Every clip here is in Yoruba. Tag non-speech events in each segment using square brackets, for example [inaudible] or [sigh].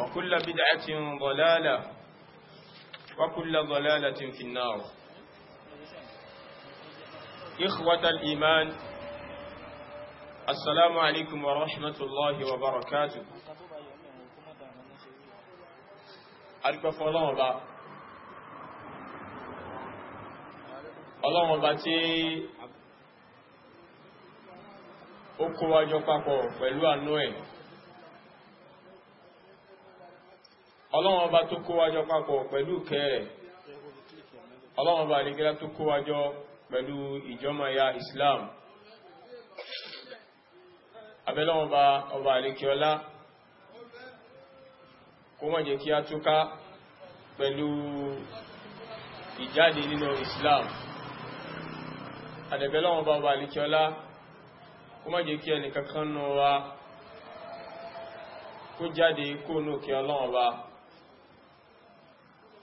وكل بدعة ضلالة وكل ضلالة في النار إخوة الإيمان السلام عليكم ورحمة الله وبركاته أرجو فلان با الله باتي ó kó wájọ papọ̀ pẹ̀lú àánú ẹ̀ ọlọ́wọ́n ọba tó kó wájọ papọ̀ pẹ̀lú kẹrẹ̀ ọlọ́wọ́n ọba àrígẹ́lá tó kó pẹ̀lú ìjọmọ̀ya Islam abẹ́lọ́wọ́n ọba ọba àríkẹ́ọlá kó má jẹ́ kí a túká pẹ̀lú ìjáde nínú Islam àdẹ̀bẹ̀lọ́wọ́n ọba ọba àríkẹ́ọlá kó má jẹ́ kí ẹnìkankan náà wá kó jáde kó nókè ọlọ́wọ́n ọba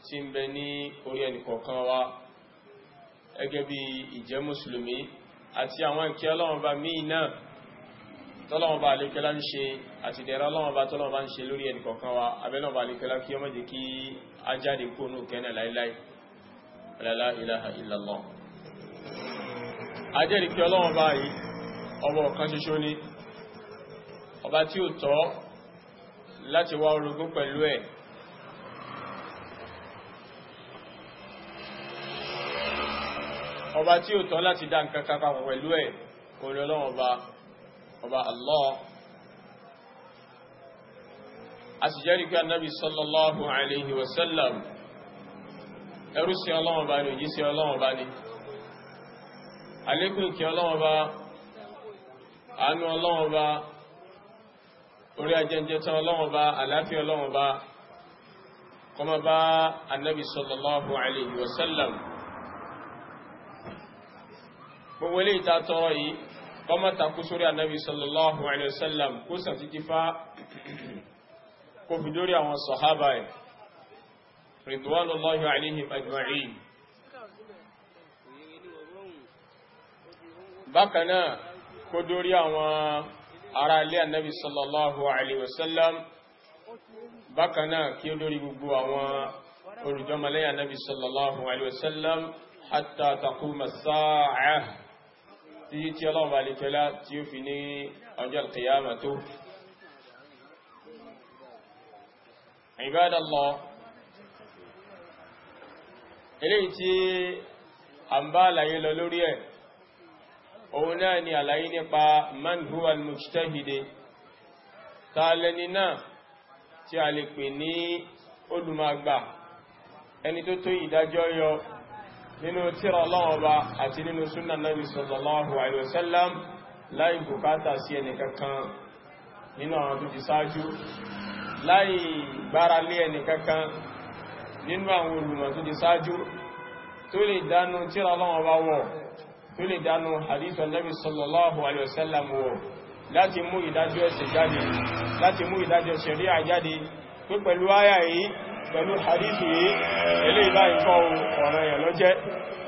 tí ń bẹ ní orí ẹnìkọ̀ọ̀kan wa gẹ́gẹ́ bí ìjẹ́ mùsùlùmí àti àwọn ìkẹ́ ọlọ́run bá míì náà tọ́lọ́run bá alékẹ́lá ń ṣe àti ìdẹ̀rẹ́ ọlọ́run ń ṣe wa abẹ́lọ́run bá alékẹ́lá kí ọmọ jẹ́ kí á jáde kónú kẹ́nà la ilaha illallah ajẹ́rìí pé ọlọ́run bá yìí ọba ọ̀kan ṣoṣo ni ọba tí ó tọ́ láti wá orogún pẹ̀lú ẹ̀ ọba tí ó tọ́ láti dá nǹkan kan papọ̀ pẹ̀lú ẹ̀ orí ọlọ́run ọba ọba Allah a sì jẹ́rìí pé anábì sallallahu alayhi wa sallam ẹrú sí ọlọ́run ọba ni òjíṣẹ́ ọlọ́run ọba ni alékún ìkẹ́ ọlọ́run àánú ọlọ́run orí ajẹ́jẹ́ tán ọlọ́run ọba àlàáfíà ọlọ́run ọba sallallahu alayhi wa sallam gbogbo ilé ìta tọrọ yìí kọmọ takú sórí ànábì sallallahu alaihi wasallam kó sàtítí fá kó fi lórí àwọn sọ̀hábà ẹ̀ ridwanullahi alaihim ajma'in bákanáà kó dórí àwọn ará ilé ànábì sallallahu alaihi wasallam bákanáà kí ó dórí gbogbo àwọn olùjọmọlẹ́yà ànábì sallallahu alaihi wasallam hatta taquma as-sa'ah tí tí ọlọ́run bá lè fẹ́lá tí ó fi ní ọjọ́ alkiyama tó Ibadallah eléyìí tí a ń bá àlàyé lọ lórí ẹ̀ òun náà ni àlàyé nípa man huwa al ta lẹni náà tí a lè pè ní olùmọ̀gbà ẹni tó tó ìdájọ́ yọ nínú tírà Ọlọ́run Ọba àti nínú súnà Nábì sallallahu alaihi wasallam láì bùkátà sí ẹnìkankan nínú àwọn tó ti sáájú láì gbára lé ẹnìkankan nínú àwọn olùmọ̀ tó ti sáájú tó lè dánú tírà Ọlọ́run Ọba wò tó lè dánú hadith Nábì sallallahu alaihi láti mú ìdájọ́ pẹ̀lú hadithu yìí eléyìí báyìí kọ́ ọ̀rọ̀ èèyàn ló jẹ́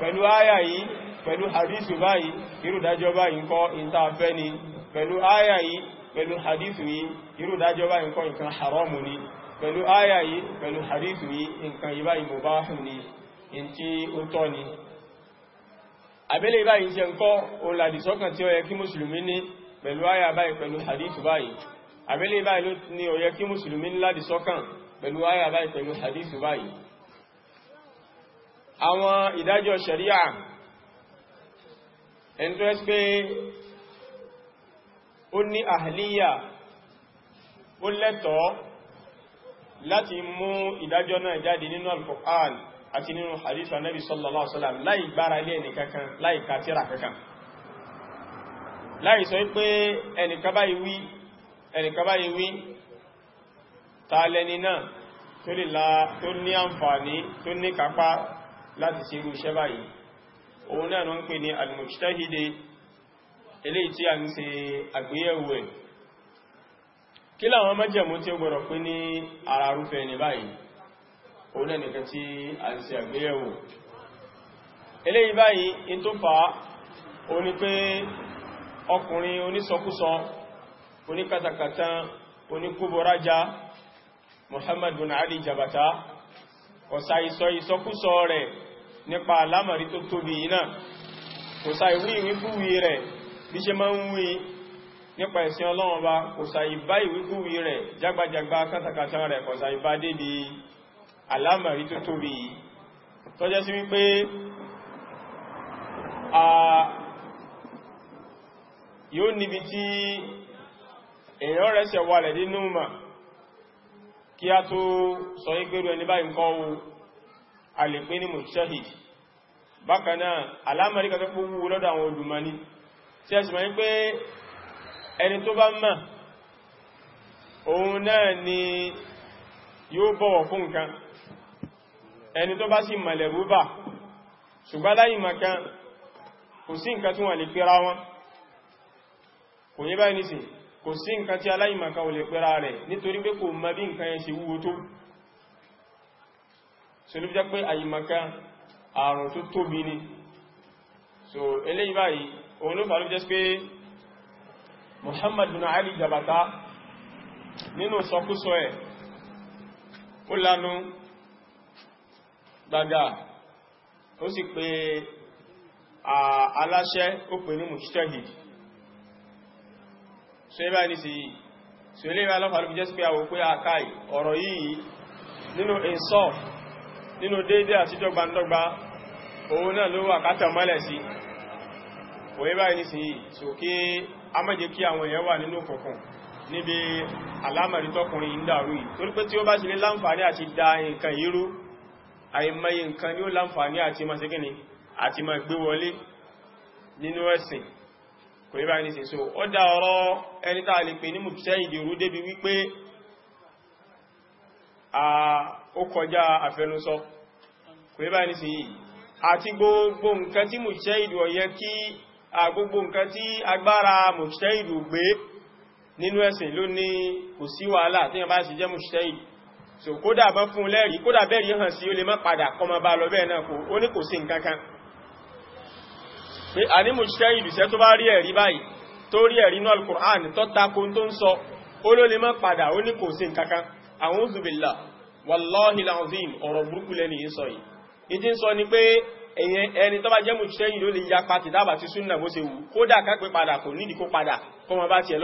pẹ̀lú áyà yìí pẹ̀lú hadithu báyìí irúdájọ́ báyìí kọ́ ìntàfẹ́ ni pẹ̀lú áyà yìí pẹ̀lú hadithu yìí irúdájọ́ báyìí kọ́ nǹkan haramu ni pẹ̀lú áyà yìí pẹ̀lú hadithu yìí nǹkan ìbáyìí mubahu ni in tí ó tọ́ ni abẹ́lẹ̀ ìbáyìí jẹ́ ǹkọ́ olàdìsọ́kàn tí ó yẹ kí mùsùlùmí ní pẹ̀lú áyà báyìí pẹ̀lú hadithu báyìí abẹ́lẹ̀ ìbáyìí ni ó yẹ kí mùsùlùmí ní ládìsọ́kàn pẹ̀lú àyà báyìí pẹ̀lú hadith báyìí àwọn ìdájọ́ sharia ẹni tó ẹ́sì pé ó ní àhàlíyà ó lẹ́tọ̀ọ́ láti mú ìdájọ́ náà jáde nínú al-Qur'an àti nínú hadith anábi sallallahu alaihi wasallam láì gbára lé ẹnìkan báyìí wí tààlẹni náà tó lè la tó ní àǹfààní tó ní kápá láti ṣe irú iṣẹ́ báyìí òun náà ló ń pè ní al-mujtahidi eléyìí tí a ń ṣe àgbéyẹ̀wò ẹ̀ kí láwọn májẹ̀mú tí ó gbọ́dọ̀ pé ní ara ní báyìí òun náà nìkan tí a ń ṣe àgbéyẹ̀wò Muhammad Ali Jabata kò sa ìsọ ìsọkúsọ rẹ̀ nípa alámàrí tó tóbi iná kò sa ìwí ìwíkúwí rẹ̀ bí ṣe máa ń wí nípa ẹ̀sìn Ọlọ́run bá kò sa ìbá ìwíkúwí rẹ̀ jágbàjàgbà kátàkátà rẹ̀ kò sa ìbá débi alámàrí tó tóbi yìí a yóò níbi tí èèyàn rẹ̀ ṣẹ̀ wà lẹ̀ kí a tó sọ ìgbèrú ẹni báyìí ń kọ́ o a lè pé ní mujtahid bákanáà alámàrí kàtẹ́ pé wúwo lọ́dọ̀ àwọn olùmọ́ni tí a sì mọ̀ pé ẹni tó bá mọ̀ òun náà ni yóò bọ̀wọ̀ fún nǹkan ẹni tó bá sì mọ̀lẹ̀ rúbà ṣùgbọ́n láì kò sí nǹkan tí aláìmọ̀kan ò lè pẹ́ra rẹ̀ nítorí pé kò mọ bí nǹkan yẹn wúwo tó so ló jẹ́ pé àìmọ̀kan àrùn tó tóbi ni so eléyìí báyìí òun ló fàálù jẹ́ pé Muhammad bin Ali Jabata nínú sọkúsọ ẹ̀ ó lanu gbàgbà ó sì pé aláṣẹ ó pè ní mujtahid so ẹ bá ní sí yìí so ilé ìwà lọ́fà ló fi jẹ́ sí pé àwọ̀ pé àkáì ah, ọ̀rọ̀ yìí nínú insaf nínú déédé àti dọ́gbandọ́gba òun náà ló wà kátà mọ́lẹ̀ sí kò ẹ bá ní sí yìí da nǹkan yìí rú àìmọye nǹkan ni ó láǹfààní àti máa ṣe ẹ̀sìn kò yí báyìí so ó dá ọ̀rọ̀ ẹni tàà lè pè ní mùsẹ́ ìdìrú débi wípé ó kọjá àfẹnusọ kò yí báyìí nísìn yìí àti gbogbo nǹkan tí mùsẹ́ ìdù ọ̀yẹ kí gbogbo nǹkan tí agbára mùsẹ́ ìdù gbé nínú ẹ̀sìn so kódà bá fún lẹ́rìí kódà bẹ́ẹ̀rí hàn sí ó lè má padà kọmọ bá pé àní mujtahid ìdìsẹ́ tó bá rí ẹ̀rí báyìí tó rí ẹ̀rí náà al-Qur'an tó tako tó ń sọ ó ló lè má padà ó ní kò sí nǹkankan a'udhu billah wallahi al-azim ọ̀rọ̀ burúkú lẹ́ni yìí sọ yìí ìdí ń sọ ni pé ẹni ya pati dábà ti súnà bó ṣe wù kódà ká pé padà kò nídìí kó padà kó wọn bá tiẹ̀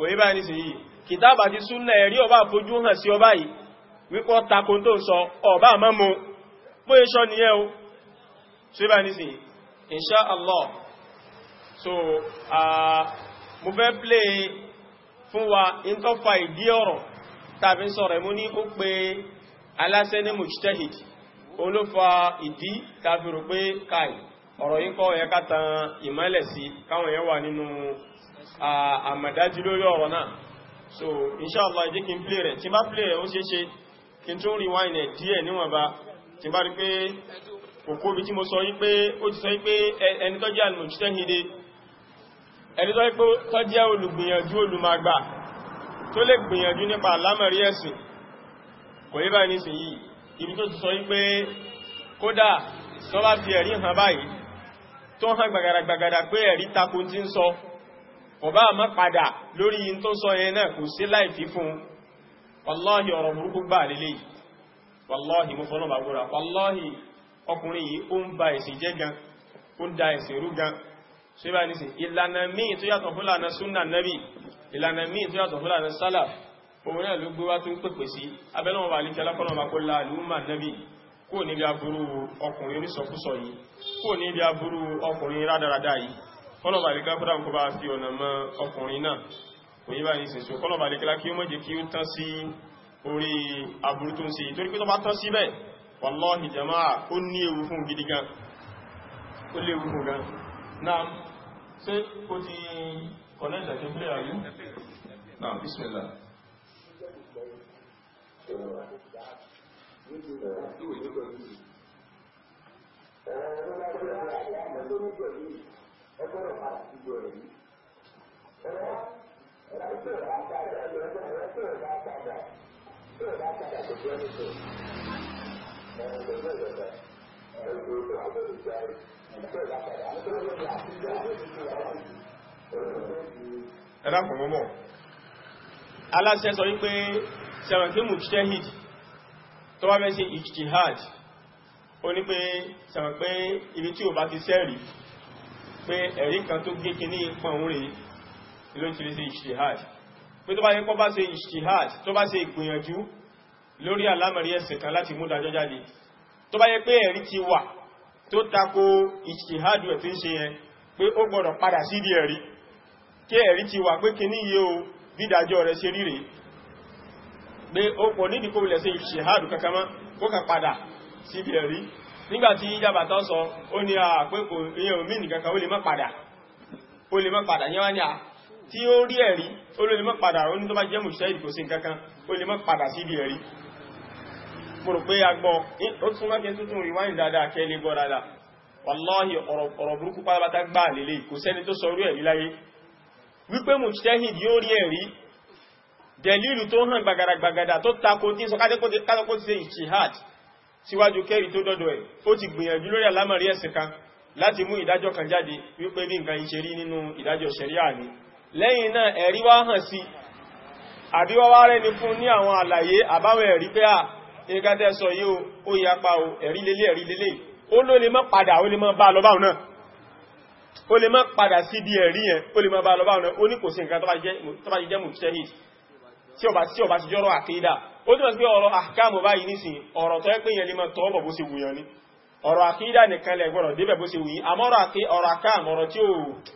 ní báyìí nísìnyí kìtàbà ti súnà ẹ̀rí ọba àfojú hàn sí ọba yìí wípọ́ takon tó ń sọ ọba àmọ́mọ́ bó iṣọ́ ni ẹ́ o ṣíbà ní sí inṣá Allah so mo fẹ́ plé fún wa in tó fa ìdí ọ̀rọ̀ tàbí sọ̀rọ̀ mú ní ó pé aláṣẹ ní mujtahid olófa ìdí tàbí rò pé káì ọ̀rọ̀ yí kọ́ ẹ̀ká ìmọ́lẹ̀ sí káwọn yẹn wà nínú àmàdájú lórí ọ̀rọ̀ náà so inṣá Allah ìdí kí n plé rẹ̀ tí bá plé rẹ̀ ó ṣeéṣe kí n tó rí wáìnẹ̀ díẹ̀ níwọ̀nba tí bá rí pé òkú omi tí mo sọ wípé ó ti sọ wípé ẹni tó jẹ́ alìmọ̀jútẹ́hìnde ẹni tó wípé tó jẹ́ olùgbìyànjú olùmàgbà tó lè gbìyànjú nípa àlámọ̀rí ẹ̀sìn kò yí báyìí nísìn yìí ibi tó ti sọ wípé kódà sọ bá fi wàláhì ọ̀rọ̀ burúkú gbà lélẹ̀ wàláhì mo fọ́nà bà gbọ́ra wàláhì ọkùnrin yìí ó ń ba ẹ̀sìn jẹ́ gan ó ń da ẹ̀sìn rú gan ṣe bá nìsìn ìlànà míì tó yàtọ̀ fún lànà súnà nábì ìlànà míì tó yàtọ̀ fún lànà sálà òun náà ló gbé wá tó ń pèpè sí abẹ́lọ́wọ̀n bá líkẹ́ lápọ́nà bá òyí bá ní sẹ̀sọ́ kọ́lọ̀bà lè kílá kí ó mọ́ jẹ́ kí ó tán sí orí aburú tó ń ṣe torí pé tó bá tán sí bẹ́ẹ̀ wallahi jama'a ó ní ewu fún gidi gan ó lè ewu fún gan náà ṣe kó ti kọ̀nẹ́jà tó pẹ́ àyú náà bismillah Ẹgbẹ́rẹ̀ pàtàkì jọ rẹ̀ yìí ẹ̀dá kò mọ́mọ́ aláṣẹ sọ wípé sẹ̀rọ̀kí mujtahid tó wá mẹ́sí ijtihad ó ní pé sẹ̀rọ̀ pé ibi tí ò bá ti sẹ́rì pé ẹ̀rí kan tó gé kì ní ìpọ̀ òun rèé ló ti lè ṣe ìṣtihad pé tó bá yẹ kó bá ṣe ìṣtihad tó bá ṣe ìgbìyànjú lórí alámọ̀rí ẹ̀sìn kan láti mú dájọ́ jáde tó bá yẹ pé ẹ̀rí ti wà tó tako ìṣtihad ẹ̀ tí ń ṣe yẹn pé ó gbọ́dọ̀ padà sí di ẹ̀rí kí ẹ̀rí ti wà pé kíní yìí o bí dájọ́ rẹ̀ ṣe ríre pé ó pọ̀ nídìí kó wulẹ̀ ṣe ìṣtihad kankan lè má padà ó lè à tí ó rí ẹ̀rí ó lè mọ́ padà ó ní tó bá jẹ́ mùsùlùmí kò sí nǹkankan ó lè mọ́ padà sí ibi ẹ̀rí mo rò pé agbọ́ ó tún bá kẹ́ tuntun rewind dáadáa kẹ́ lè gbọ́ dáadáa wàláhì ọ̀rọ̀ burúkú pátápátá gbà lélẹ̀ kò sẹ́ni tó sọ orí ẹ̀rí láyé wípé mùsùlùmí yóò rí ẹ̀rí dẹ̀lílù tó hàn gbàgàdàgbàgàdà láti mú ìdájọ́ kan jáde wípé bí nǹkan ìṣerí nínú ìdájọ́ ṣẹ̀ríà ni lẹ́yìn náà ẹ̀rí wá hàn sí àbíwáwá rẹ̀ ni fún ní àwọn àlàyé àbáwọn ẹ̀rí pé à ẹgbẹ́ sọ yíò ó yapa o ẹ̀rí lélé ẹ̀rí lélé ó ló lè má padà ó lè má bá lọ báwọn náà ó lè má padà sí di ẹ̀rí yẹn ó lè má bá lọ báwọn náà ó ní kò sí nǹkan tó bá jẹ́ mùsẹ́hìd tí ọba tí ọba ti jọ́rọ̀ àkídà ó tí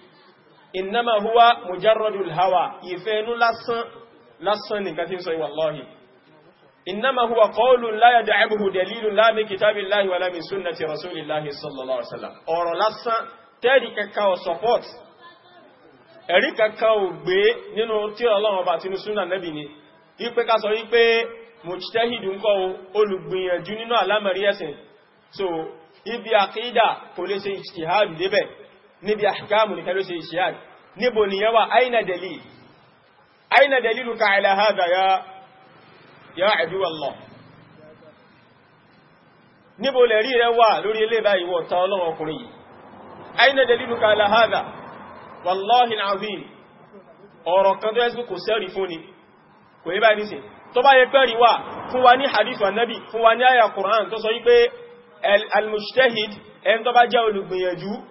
innama huwa mujarradul hawa ìfẹ́nu lásán lásán nìkan tí ń sọ wallahi innama huwa qawlun la yad'abuhu dalilun la min kitabillahi wala min sunnati rasulillahi sallallahu alaihi wasallam ọ̀rọ̀ lásán tẹ́rì kankan ò support ẹ̀rí kankan ò gbé nínú tí ọlọ́run bá tinú súnà nẹ́bì ni wípé ká sọ wípé mujtahid ń kọ́ olùgbìyànjú nínú àlámọ̀rí ẹ̀sìn so ibi àkídà kò lè ṣe ijtihad débẹ̀ níbi àṣìkáàmù ní kẹlú sí ìṣíyàn níbo ni yawa aina dalil aina dalilu ka ala hada ya ya adu Allah níbo lè rí rẹ wà lórí ilé báyìí wọ ta ọlọ́run ọkùnrin yìí aina dalilu ka ala hada wallahi alazim ọ̀rọ̀ kan tó ẹ́sùn ẹni tó bá jẹ́ olùgbìyànjú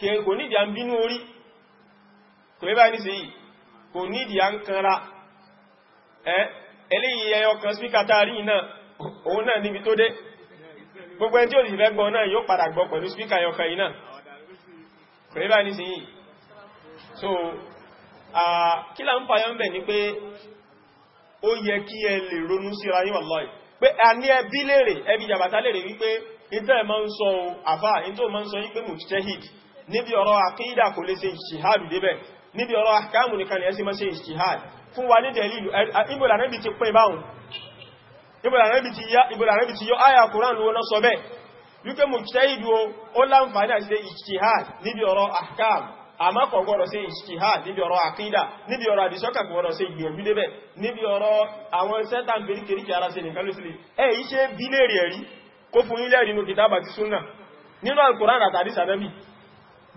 kò nídìí à ń bínú orí kò ní báyìí sí yìí kò nídìí à ń kanra eléyìí ẹyọ kan spíkà táàrí náà òun náà níbi tó dé gbogbo ẹni tí ó sì fẹ́ náà yóò padà gbọ́ pẹ̀lú spíkà ẹyọ kan náà kò ní báyìí sí yìí so kí níbi ọ̀rọ̀ àkídà kò lè ṣe ìṣìhádù débẹ̀ níbi ọ̀rọ̀ àkáàmù nìkan lè ṣe mọ́ ṣe ìṣìhádù fún wa ní dẹ̀lìlù ìbòlà rẹ̀bì ti pín báhùn ìbòlà rẹ̀bì ti yọ áyà kùrán ló lọ sọ bẹ́ wípé mú ṣẹ́ìdù ó láǹfààní àti ìṣìhádù níbi ọ̀rọ̀ àkáàmù àmá kò gbọ́dọ̀ ṣe ìṣìhádù níbi ọ̀rọ̀ àkídà níbi ọ̀rọ̀ àdìsọ́kà kò gbọ́dọ̀ ṣe ìgbìyànjú débẹ̀ níbi ọ̀rọ̀ àwọn sẹ́tà ń bèrí kìríkì ara ṣe nìkan ló sílẹ̀ ẹ̀ yí fún ilẹ̀ nínú kìtàbà ti nínú Al-Qur'an àtàdìsànẹ́bì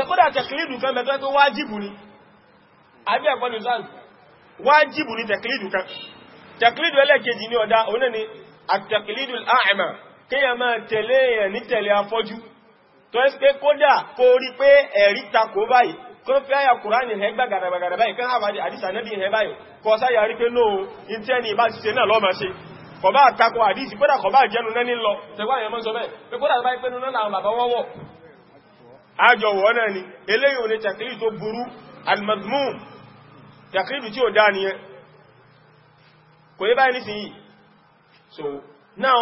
tẹ̀kọ́dà tẹ̀kìlìdù kan bẹ̀tọ́ pé wájìbù ni àbí ẹ̀kọ́ni sáàrù wájìbù ni tẹ̀kìlìdù kan tẹ̀kìlìdù ẹlẹ́kejì ní ọ̀dá òun ni àtẹ̀kìlìdù àìmà kéèyàn máa tẹ̀lé èèyàn ní tẹ̀lé afọ́jú tó ẹ́ pé kódà kó rí pé ẹ̀rí takò báyìí kó fẹ́ àyà kùránì rẹ̀ gbàgàdàgbàgàdà báyìí kán àwàdì àdìsà nẹ́bí rẹ̀ báyìí kọ sáyà rí pé lóò ìtẹ́ni ìbá ti ṣe náà lọ́mọ ṣe kọ̀bá àtakò àdìsì kódà kọ̀bá jẹ́nu náà ní lọ tẹ̀wọ́ àyẹ̀mọ́ sọ bẹ́ẹ̀ pé kódà náà àwọn bàbá wọ́wọ́ àjọwọ̀ náà ni eléyìn òní tàkìlì tó burú al-madhmum tí ó dá ní ẹ kò yí báyìí nísìnyí so now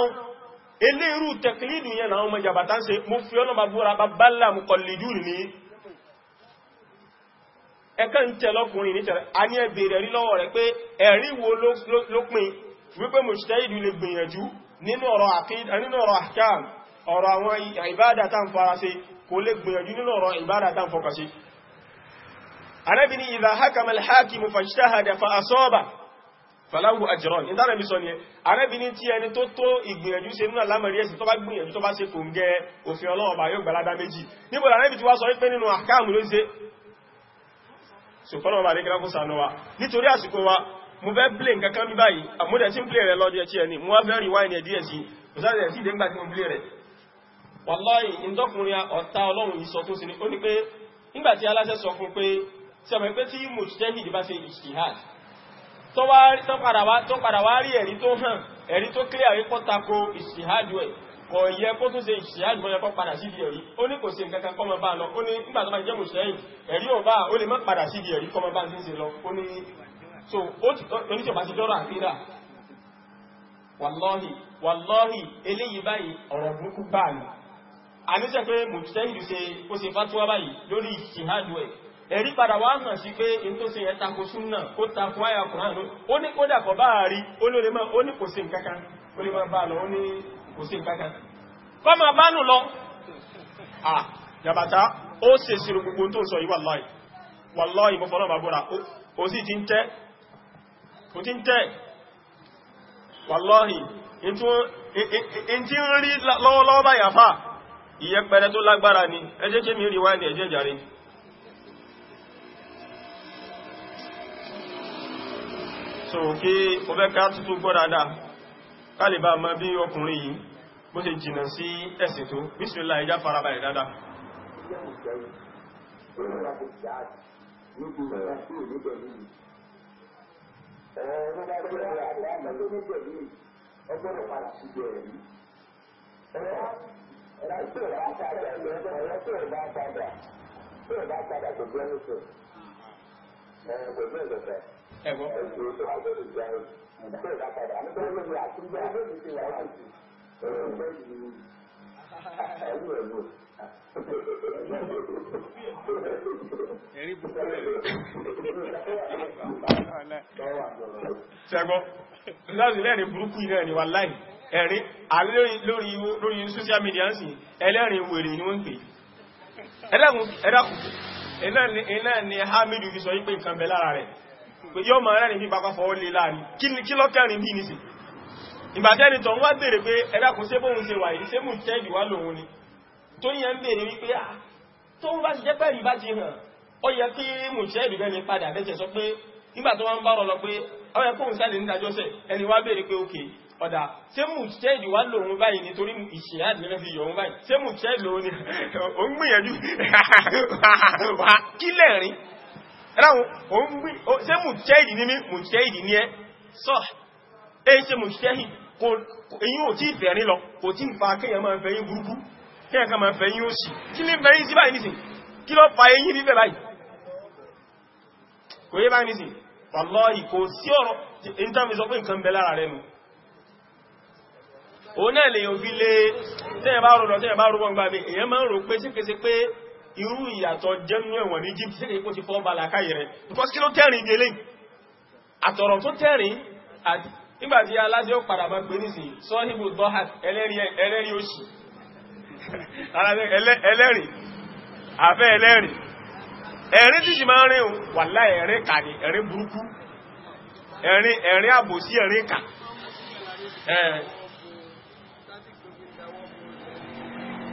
eléyìí tàkìlì yẹn náà ọmọ ìjàbàtà se mú fi ọ́nà bá búra bá bálà mú kọlìdú ní ẹkẹ́ ń tẹ lọ́kùnrin ní tẹ̀rẹ̀ a kò lè gbìyànjú nínú ọ̀rọ̀ ìbára tán fọkà sí anábi ni idha hakama al-hakimu fajtahada fa asaba falahu ajran ní tánàbí sọ ni anábi ní tí ẹni tó tó ìgbìyànjú ṣe nínú alámọ̀rí ẹ̀sìn tó bá gbìyànjú tó bá ṣe kò ń gẹ òfin ọlọ́ọ̀bá yóò gbalada méjì níbo anábi ti wá sọ wípé nínú àkáàmù ló ṣe ṣùgbọ́n ọba àdékẹ́lá sànú wa nítorí àsìkò wa mo fẹ́ play nǹkan kan bí báyìí àmúdẹ̀ tí ń play rẹ̀ lọ́dẹ̀ tí ẹni mo wá fẹ́ rewind ẹ̀ díẹ̀ sí kò sáà wàláì ìdọ́kùnrin ọ̀tá ọlọ́run yìí sọ fún sí ni ó ní pé nígbàtí aláṣẹ sọ fún pé tí ọmọ ẹgbẹ́ tí mujtahid bá ṣe ijtihad tó padà wá rí ẹ̀rí tó hàn ẹ̀rí tó clear rí pọ́tako ijtihad ẹ̀ kò yẹ kó tó ṣe ijtihad mọ́ yẹ kó padà sí di ẹ̀rí ó ní kò sí nǹkan kan kọ́mọ bá lọ ó ní nígbà tó bá jẹ́ mujtahid ẹ̀rí ò bá ó lè má padà sí di ẹ̀rí kọ́mọ bá ń ṣe lọ ó ní so oníṣọ̀bá ti dọ́rọ̀ àkídà wàláhì wàláhì eléyìí báyìí ọ̀rọ̀ burúkú báyìí àníṣẹ́ pé mùsẹ́yìdì ṣe ó ṣe fatuwa báyìí lórí ìṣìhádù ẹ̀ ẹ̀rí padà wá hàn sí pé in tó ṣe ẹ̀tako súnnà ó tako àyà kùránù ó ní kó dàkọ̀ bá rí olóre máa ó ní kò sí nǹkankan ó lè máa bá lọ ó ní kò sí nǹkankan kọ́ máa ti ń tẹ́ lọ́wọ́lọ́wọ́ báyà ìyẹpẹrẹ tó lágbára ni ẹ jẹ́ kí mi rí wáìdì ẹ̀jẹ̀ ìjàre so kí o fẹ́ ká tútù gbọ́ dáadáa ká lè bá mọ̀ bí ọkùnrin yìí bó ṣe jìnnà sí ẹ̀sìn tó bísmìlá ìjá farabalẹ̀ dáadáa Ẹgbẹ́rẹ̀ padà sí bẹ̀rẹ̀ yìí. Ẹgbẹ́rẹ̀ ẹ̀rọ tí ò bá sáré ẹ̀rọ ẹ̀rọ ẹ̀rọ tí ò bá padà tí ò bá padà kò gbé níṣó ẹ̀rọ kò gbé ìgbẹ̀fẹ̀ ẹ̀rọ tó wà lórí ìgbà yìí tí ò padà àmì tó lórí àtúndé lórí ti wà láti ẹ̀rọ ìgbẹ́ yìí ẹ̀rọ ẹ̀rọ. Èrí bùkún rẹ̀. Ṣẹ́gbọ́n, láti lẹ́rìn burúkú yìí rẹ̀ ni wà láì. ẹ̀rí àlórí lórí lórí social media ń sìn ẹlẹ́rìn wèrè ni wọ́n ń pè ẹ̀dàkù iná ni hamidu fi sọ yí pé nǹkan bẹ lára rẹ̀ pé yóò máa rẹ́rìn bí bàbá fọwọ́ lè láàrin kí lọ́kẹ́rin bí nìsì ìbàjẹ́ni tọ̀ wá bèèrè pé ẹ̀dàkù ṣe bóhun ṣe wà yìí mú lòun ni tó yẹn ń bèèrè wípé à ah, tó bá ti jẹ́ pẹ́rì bá ti hàn ó yẹ kí mú padà sọ pé nígbà tó ọ̀dà ṣé mùsùlùmí wà lòun báyìí nítorí ìṣìyàdì rẹ̀ fi yọ̀un báyìí ṣé mùsùlùmí lòun ni ó ń gbìyànjú wà kí lẹ́rin ẹ̀ráhùn ṣé mùsùlùmí ní mí mùsùlùmí ní ẹ sọ ẹ ṣe mùsùlùmí èyí ò tí ìfẹ̀rin lọ kò tí ìfà kéèyàn máa fẹ̀yìn burúkú kéèyàn kan máa fẹ̀yìn òṣì kí ní fẹ̀yìn sí báyìí nìsìn kí ló fa òun náà lè yóò fi lé tẹ́yẹ bá rọrọ̀ tẹ́yẹ bá rọrọ̀ gbà mí èyàn máa ń rò pé síkèsí pé irú ìyàtọ̀ jẹ́nu ẹ̀wọ̀n ní Egypt síkèsí kó ti fọ́ bá làkáyì rẹ̀ because kí ló tẹ́rìn ìdílé àtọ̀rọ̀ tó tẹ́rìn nígbàtí aládé ó padà máa pè ní sí sọ́hìbù dọ́hàt ẹlẹ́rìí òṣì [laughs] ẹlẹ́rìí àfẹ́ ẹlẹ́rìí ẹ̀rín títì máa rí wàlá ẹ̀rín kà ní ẹ̀rín burúkú ẹ̀rín àbòsí ẹ̀rín kà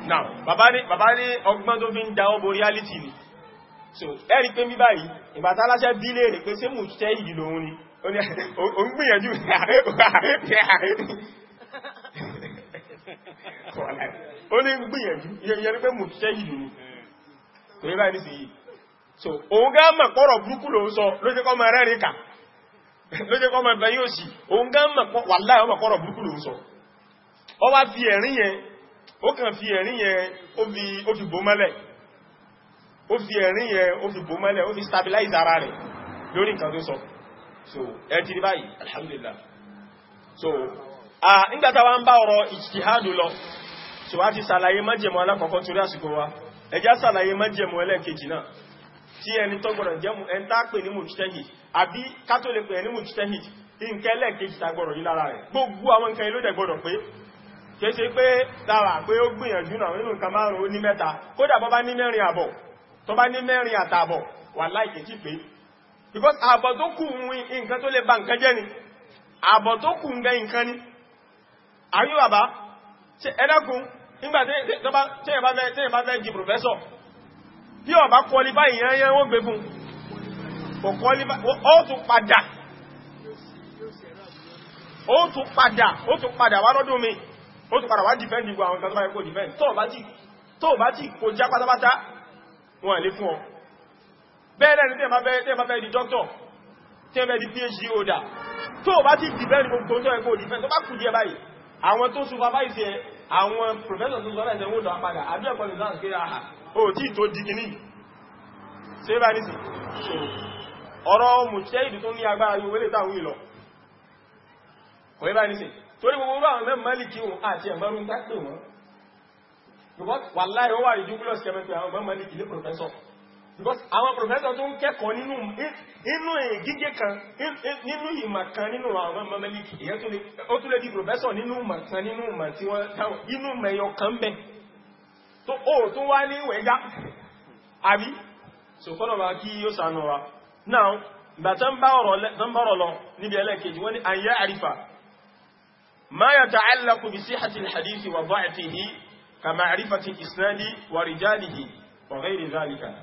now bàbá ní bàbá ní ọgbọ́n tó fi ń dáwọ́ bo reality ni so ẹ̀rí pé bí báyìí ìbàtà aláṣẹ́ bí lè rẹ̀ pé ṣé mú ṣẹ́ ìdí lòun ni o [laughs] ń gbìyànjú o ní gbìyànjú ìyẹn pé mú ṣẹ́ ìdí Ọ wá fi ẹ̀rin yẹn ó kàn fi ẹ̀rin yẹn ó fi bò mọ́lẹ̀ ó fi ẹ̀rín yẹn ó fi bò mọ́lẹ̀ ó fi stabilize ara rẹ̀ lórí nǹkan tó sọ so báyìí alhamdulillah so ah nígbàtà wa ń bá ọ̀rọ̀ ìjìhádù lọ so wá ti sàlàyé májẹ̀mú alákọ̀ọ́kọ́ torí àsìkò wa ẹjá sàlàyé májẹ̀mú ẹlẹ́ẹ̀kejì náà tí ẹni tó gbọ́dọ̀ jẹ́mù ẹn tá pè ní mujtahid àbí kátó pè ní mujtahid ẹlẹ́ẹ̀kejì tá lára rẹ̀ gbogbo àwọn nǹkan ilódẹ̀ kéèṣe pé dáwà pé ó gbìyànjú náà nínú nǹkan márùn-ún ní mẹ́ta kódà bọ́ bá ní mẹ́rin àbọ̀ tó bá ní mẹ́rin àtàbọ̀ wà láìkè tí pé because àbọ̀ tó kù nǹkan tó lè ba nǹkan jẹ́ ni àbọ̀ tó kù ń gẹ nǹkan ni àrí bàbá ẹlẹ́kùn qualify ìyẹn wọ́n gbé fún kò qualify ó tún padà ó tún padà ó tún padà wá lọ́dún mi ó tún padà wá dìfẹ́ndì gbogbo àwọn ìkàtọ́ ẹkò dìfẹ́ndì tó bá tí kò já pátápátá wọn lè fún ọ bẹ́ẹ̀rẹ̀ ní tẹ́ẹ̀mà fẹ́ di doctor tẹ́ẹ̀mà di phd holder tó bá tí dìfẹ́ndì gbogbo tó ẹkò dìfẹ́ndì tó bá kù díẹ̀ báyìí àwọn tó supervise ẹ àwọn professor tó sọ́rọ̀ ẹ̀sẹ̀ wòdò apadà àbí ẹ̀kọ́ ní sáàsì kéré àhà ó tí tó di kìíní ṣe bá nìsì ọ̀rọ̀ mùsẹ́ ìdí tó ní agbára yóò wélé táwọn ìlọ kò yẹ torí gbogbo àwọn mẹ́rin mẹ́lìkì wọn àti ẹ̀mọ́rún tákì wọn wàláì ó wà ridiculous kẹmẹ́kẹ àwọn mẹ́rin mẹ́lìkì lé professor because àwọn professor tó ń kẹ́kọ̀ọ́ nínú gígé kan nínú ìmọ̀ kan nínú àwọn mẹ́rin mẹ́lìkì ó tún lè di professor nínú ìmọ̀ kan nínú ìmọ̀ tí wọ́n táwọn inú mẹ́yọ kan bẹ́ tó ó tó wá ní ìwẹ̀já so kọ́nà kí yóò sànù wa now ìgbà tán bá ọ̀rọ̀ lọ níbi ẹlẹ́ẹ̀kejì wọ́n ni àyẹ́ ما يتعلق بصحة الحديث وضعفه كمعرفة الإسناد ورجاله وغير ذلك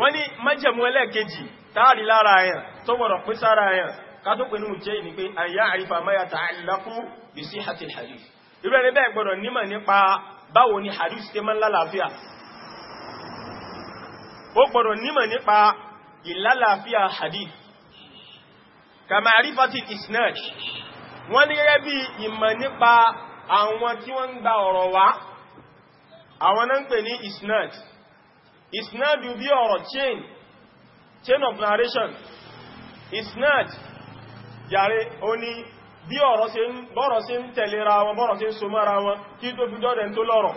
wọ́n ní májẹ̀mú ẹlẹ́ẹ̀kejì táàrí lára ayàn tó wọ̀rọ̀ pín sára ayàn kátó pẹ̀lú jẹ́ ní pé àyà àrífà máyà tààlákú bí sí àti hadith irú ẹni bẹ́ẹ̀ gbọ́dọ̀ nímọ̀ nípa báwo ni hadith kàmàrífàtì isnad wọ́n ní gẹ́gẹ́ bí ìmọ̀ nípa àwọn tí wọ́n ń gba ọ̀rọ̀ wá àwọn náà ń pè ní isnad isnad bí ọ̀rọ̀ chain chain of narration isnad yàrí ó ní bí ọ̀rọ̀ sí ń ra wọn bọ́rọ̀ sí ń so mọ́ra wọn kí tó fi dọ́dẹ̀ tó lọ́rọ̀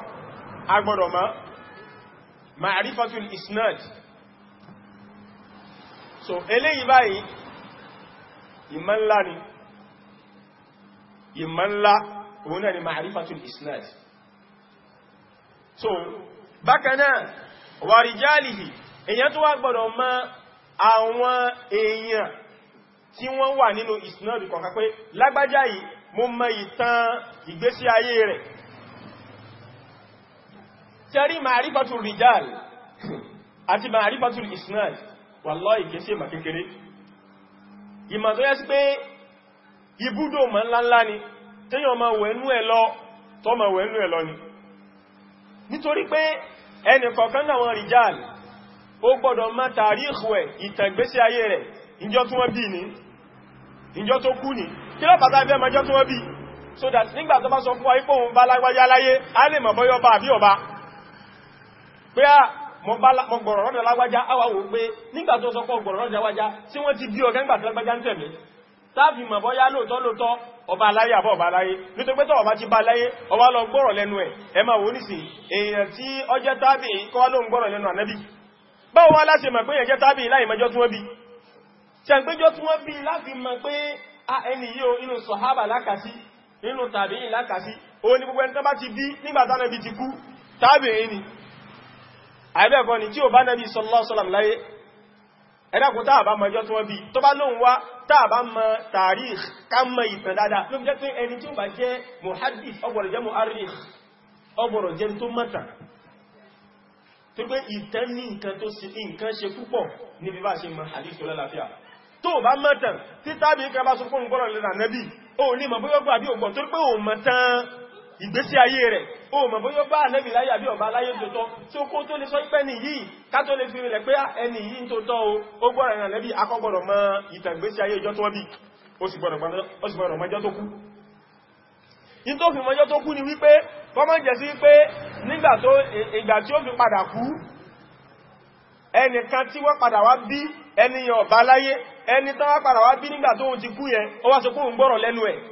agbọ́dọ̀ ma ma'rifatul isnad so eléyìí báyìí ìmọ̀ ńlá ni ìmọ̀ ńlá òun náà ni ma'arifatul isnad so bákanáà wà rijalihi èyàn tó wá gbọ́dọ̀ mọ̀ àwọn èèyàn tí wọ́n wà nínú isnad kọ̀ọ̀kan pé lágbájá yìí mo mọ̀ ìtàn ìgbésí ayé rẹ̀ tẹ́rí ma'arifatul rijal àti ma'arifatul isnad wallahi ìgbésí ìmọ̀ kékeré ìmọ̀ tó yẹ́ sí pé ibùdó mọ̀ ńláńlá ni téèyàn ma wẹ̀nú ẹ̀ lọ tó ma wẹ̀nú ẹ̀ lọ ni nítorí pé ẹnì kọ̀ọ̀kan náà wọn rìjáàlì ó gbọ́dọ̀ má tàríkù ẹ̀ ìtàgbésí ayé rẹ̀ ìjọ tó kú ní kí ló pàtàkì ẹmọ ìjọ tó wọ́n bí so that nígbà tó bá sọ fún wa ipò òun bá lágbájá láyé a lè mọ̀ bọ́yọ́ bá àbí ọba pé a mo gbọ̀rọ̀ rọ́dọ̀ lágbájá àwa wò pé nígbà tó sọpọ̀ gbọ̀rọ̀ rọ́dọ̀ lágbájá tí wọ́n ti bí ọ̀gá nígbà tó lágbájá ń tẹ̀mí táàfì mọ̀ bọ́yá lóòtọ́ lóòtọ́ ọba aláyé àbọ̀ ọba aláyé nítorí pé tọ́ ọba ti bá aláyé ọba lọ gbọ́rọ̀ lẹ́nu ẹ̀ ẹ máa wò nísìn èèyàn tí ó jẹ́ tábì kọ́ ló ń gbọ́rọ̀ lẹ́nu ànábì báwo wá láti mọ̀ pé èèyàn jẹ́ tábì láì mọ́jọ́ tí wọ́n bí ṣe ń péjọ́ tí wọ́n bí láti mọ̀ pé ẹni yíò inú sọ̀hábà lákàsí inú tàbí ìlákàsí òun ni gbogbo ẹni tó bá ti bí nígbà tánàbí ti kú tábì ẹni àìbẹ́ẹ̀kọ́ ni tí ò bá nẹ́bí sọlọ́sọlọ́m láyé ẹ̀dàkùn tàà bá mọ ọjọ́ tí wọ́n bí tó bá lóhun wá tàà bá mọ tàríkh ká mọ ìtàn dáadáa ló jẹ́ pé ẹni tí ó bá jẹ́ muhaddith ọgbọ̀rọ̀ jẹ́ muharrikh ọgbọ̀rọ̀ jẹ́ tó mọ́ta tó pé ìtàn ní nǹkan tó sì ní nǹkan ṣe púpọ̀ ní bí bá ṣe mọ hadith mọ̀tàn ìgbésí ayé rẹ̀ o mọ̀ bóyọ́ bá ànẹ́bì láyé àbí ọba láyé tòótọ́ tí ó kó tó lè sọ pé ní yìí ká tó lè fi rẹ̀ pé ẹni yìí ń tòótọ́ o ó gbọ́rọ̀ ìrìn ànẹ́bì akọ́gbọ̀rọ̀ mọ́ ìtàgbésí ayé ìjọ tó bí ó sì gbọ́rọ̀ mọ́jọ́ tó tó kú ni wípé kọ́mọ́ jẹ́ sí pé nígbà tó ìgbà tí ó fi padà kú ẹnìkan tí wọ́n padà wá bí ẹniyàn ọba láyé ẹni tán wá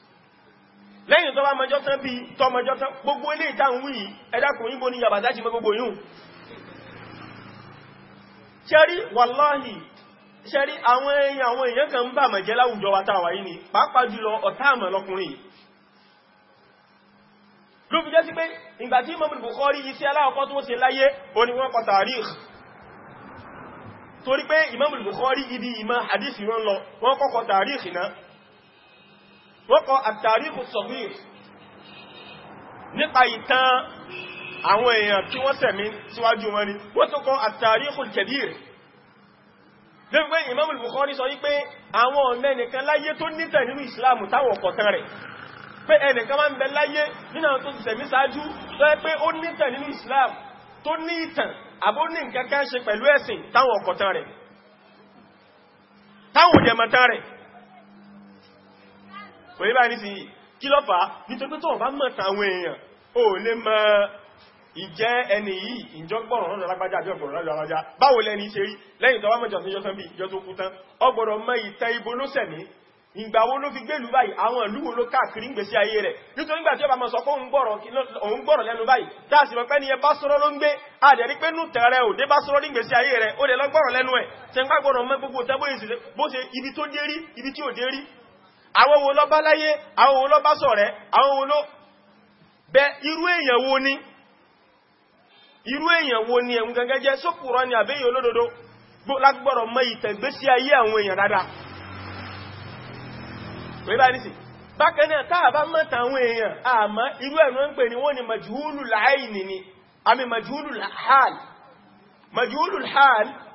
lẹ́yìn tó bá mọjọ́ tán bí tọ́ mọjọ́ tán gbogbo ilé ìtàun wí ẹ̀dàkùn yíbo ní yàbàdá jí gbogbo yìí ṣẹ́rí wàláhì ṣẹ́rí àwọn èèyàn àwọn èèyàn kan ń bà mọ̀ jẹ́ láwùjọ wa tàwà yìí ni pàápàá jùlọ ọ̀tá àmọ̀ lọkùnrin ló fi ibi ìmọ̀ hadith wọn lọ wọ́n wọ́n kọ àtàríkù sọ̀gbìn nípa ìtàn àwọn èèyàn tí wọ́n ṣẹ̀mí síwájú wọn ni wọ́n tó kọ àtàríkù kẹbíir lẹ́gbẹ́ Imamul Bukhari sọ wípé àwọn ọ̀nà nìkan láyé tó nítẹ̀ nínú ìsìláàmù táwọn kọ̀tán rẹ̀ pé ẹnìkan máa ń bẹ láyé nínú àwọn tó ti ṣẹ̀mí sáájú tó yẹ pé ó nítẹ̀ nínú ìsìláàmù tó ní ìtàn àbó ní nǹkan kan ṣe pẹ̀lú ẹ̀sìn táwọn kọ̀tán rẹ̀ táwọn òjẹ̀mọ̀tán rẹ̀ kò yí bá ní sí kí ló fà nítorí pé tó bá mọ̀ tàwọn èèyàn ò lè mọ ìjẹ́ ẹni yìí ìjọgbọ̀n ọ̀rọ̀ lágbájá àbí ọ̀gbọ̀n ọ̀rọ̀ lágbájá báwo lẹ́ni ṣe rí lẹ́yìn tó wá mọ̀jọ̀ níjọ́ tán bí ìjọ tó kú tán ọgbọ̀rọ̀ mọ ìtẹ́ ibo ló sẹ̀mí ìgbà wo ló fi gbèlú báyìí àwọn ìlú wo ló káàkiri ń gbèsè ayé rẹ̀ nítorí gbà tí ó bá mọ̀ sọ pé òun gbọ́rọ̀ lẹ́nu báyìí dáàsì mọ̀ pé ní ẹbá sọ́rọ́ ló ń gbé àdẹ̀rí pé nù tẹ̀rẹ̀ ò bá sọ́rọ́ ní gbèsè ayé rẹ̀ àwọn wo ló bá láyé àwọn wo ló bá ṣọ̀rẹ́ àwọn wo ló bẹ irú èèyàn wo ni irú èèyàn wo ni ẹ̀hún gangan jẹ́ sókùrọ ni àbẹ́yìn olódodo lágbọ́rọ̀ mọ́ ìtẹ̀gbésí ayé àwọn èèyàn dáadáa wẹ́bá ní sí bákanáà táàbá mọ́ta àwọn èèyàn majhulul hal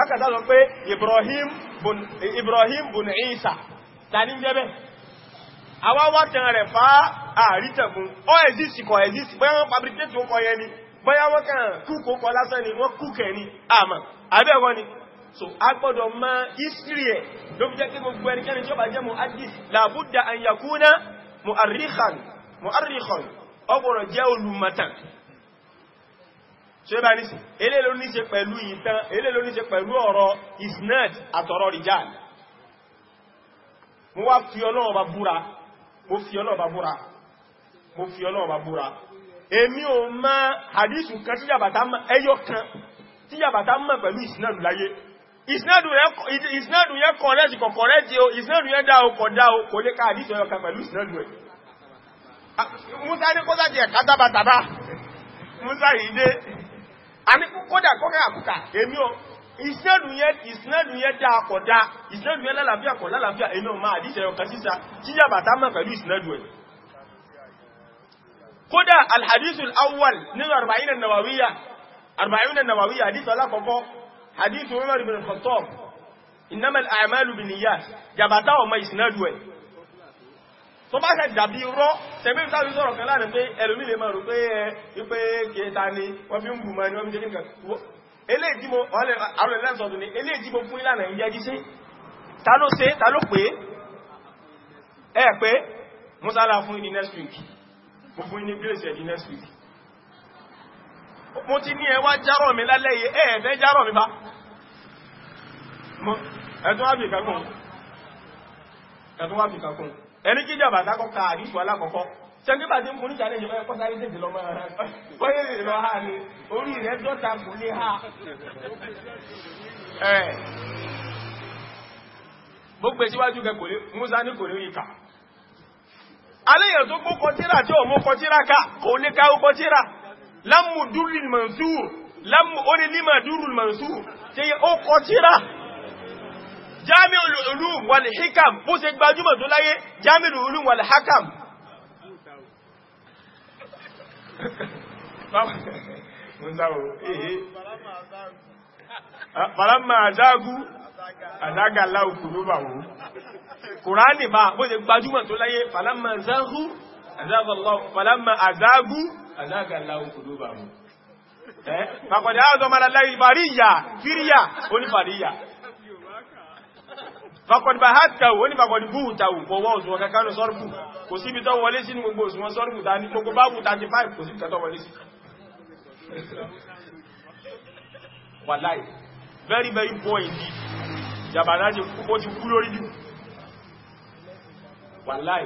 akàtà lọ pé Ibrahim bùn Isa tàní jẹ́bẹ̀ àwa wákan rẹ̀ fá àrítẹ̀kùn ọ ẹ̀zìsì kọ̀ ẹ̀zìsì bóyá wọ́n fabricate ó kọ yẹ ni bóyá wọ́n kàn kúkò kọ lásán ni wọ́n kúkẹ̀ ni àmà àbẹ́wọ́ ni so a gbọ́dọ̀ ma ìsírí ẹ̀ ló fi jẹ́ kí gbogbo ẹnikẹ́ni tí ó bá jẹ́ mu adis làbúdà àyàkúnà mu àríkàn mu ṣe bá ní sí elé ló ní ṣe pẹ̀lú ìtàn elé ló ní ṣe pẹ̀lú ọ̀rọ̀ isnad àtọ̀rọ̀ rijal mo wá fi Ọlọ́run bá búra mo fi Ọlọ́run bá búra mo fi Ọlọ́run bá búra èmi ò mọ̀ hadithu kan tí yàbàtà mọ̀ ẹyọ kan tí yàbàtà mọ̀ pẹ̀lú isnad láyé isnad yẹ kọ̀rẹ́jì kọ̀kọ̀rẹ́jì o isnad yẹ dá o kọ̀ dá o àní kódà kọ́kà àbùkà èmi o ìsinádùn yẹn ìsinádùn yẹn dá akọ̀ dá ìsinádùn yẹn lálàáfíà kọ̀ lálàáfíà èmi o máa àdíṣẹ́ ọkà sísá jíjà bàtà mọ̀ pẹ̀lú ìsinádùn ẹ̀ kódà alhadisul awwal nínú arba'in nawawiya arba'in nawawiya hadith alákọ̀ọ́kọ́ hadith umar ibn khattab innamal a'malu bin niyyat jabata tó bá ṣe dàbí rọ́ tẹ̀bí ìsáàbí sọ̀rọ̀ kan láàrin pé ẹlòmí lè máa rò pé ẹ eh, wípé kẹta ni wọ́n fi ń bù máa ni wọ́n fi jẹ́ nìkan eléèjìmọ̀ àwọn ẹ̀lẹ́sọ̀dún ni eléèjìmọ̀ fún ìlànà ìyẹ́gí sí ta next week mo fún ìní grace ẹ̀dí next week mo ti ní ẹwà járọ̀ mi lálẹ́ yìí ẹ̀ẹ̀fẹ́ járọ̀ mi ẹ̀tún wá bìkà kún ẹni kí jàbà dákọ́ ka àdíṣù alákọ̀ọ́kọ́ ṣẹ́gbẹ́bà tí mú ní ṣàlẹ̀ ìjọba ẹ̀kọ́ sáré tètè lọ mọ́ra wọ́yẹ̀ lè ha ní orí rẹ̀ dọ́ta kò lè ha ẹ̀ gbogbo síwájú kẹ Musa ní kò ní límà jami'ul ulum wal hikam bó ṣe gbajúmọ̀ tó láyé jami'ul ulum wal hakam falamma azagu azaga Allahu qulubahum kùránì bá bó ṣe gbajúmọ̀ tó láyé falamma azagu azaga Allahu falamma azagu azaga Allahu qulubahum Fàkọ̀dá ọ̀dọ́mọ̀lá láyé fàríyà, fíríyà, onífàríyà fakọ̀dìbà hátàwò ní fakọ̀dìbù ìtàwò fọwọ́ òṣùwọ̀n kankan ní sọ́rùkù kò sí ibi tó wọlé sí ní gbogbo òṣùwọ̀n sọ́rùkù ta ní gbogbo báàbù 35 kò sí ibi tó wọlé sí wàláì very very poor indeed jàbàdá ṣe kó ti kú lórí jù wàláì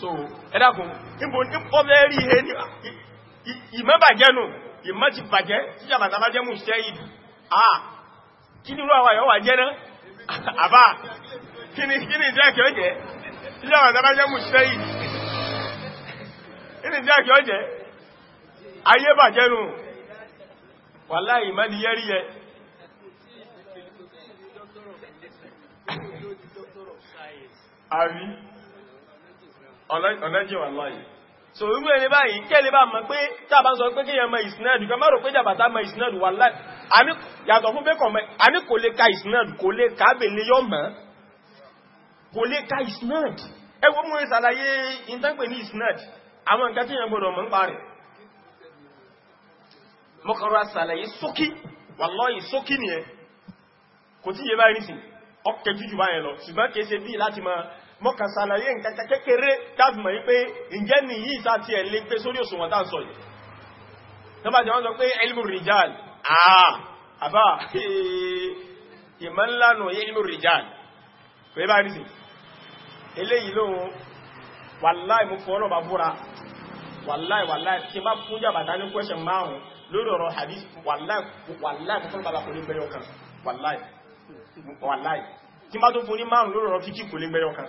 so ẹ̀dàkùn níbo ní ọmọ ẹ̀rí ihe ní ìmọ́ bàjẹ́ nù ìmọ́ ti bàjẹ́ tí jàbàdá bá jẹ́ mú kí ní wọ́n àwọ̀ jẹ́ náà àbá kí ní ìjẹ́ ẹ̀kẹ́ ọjẹ́ ilé àwọn àdára jẹ́ mùsùlẹ́ yìí kí ní ìjẹ́ ẹ̀kẹ́ ọjẹ́ ayé bà jẹ́nu wàláhì ìmẹ́ni yẹ́rí yẹ àrí ọ̀lẹ́jì wàláhì so irú ẹni báyìí kẹ́lẹ̀ bá mọ̀ pé tàbá sọ pé kíyàn mọ ìsinádù kan mọ́rò pé jàbàtà mọ ìsinádù wà láì àmì yàtọ̀ fún bẹ́kọ̀ mẹ́ àmì kò lè ka ìsinádù kò lè ka bèlè yọ mọ́ kò lè ka ìsinádù ẹwọ́n mú ìsàlàyé ìntánpẹ̀ ní ìsinádù àwọn nǹkan tí yàn gbọdọ̀ mọ̀ ń pa mọ́kànlá sàlàyé sókí wàlọ́yìn sókí nìyẹn kò tí yẹ báyìí ọkẹ̀ jújù báyẹn lọ ṣùgbọ́n bí láti máa mọ́kàn sàlàyé nǹkan kékeré tábìmọ̀ wípé ìjẹ́ ni yìí sáti ẹ̀ lé pé sórí òṣùwọ̀n tàà sọ yìí tọ́bàjẹ́ wọ́n sọ pé ilmu rijal àà àbá ìmọ̀lánà ilmu rijal pé bá rí sí eléyìí lóhun wàláì mú fọ́ ọlọ́bà búra wàláì wàláì tí bá fún jàbàtà ní kwẹ́ṣẹ̀ márùn lórí ọ̀rọ̀ hadith wàláì tó fún ní márùn lórí ọ̀rọ̀ fíkì kò ní gbẹ̀rẹ̀ ọkàn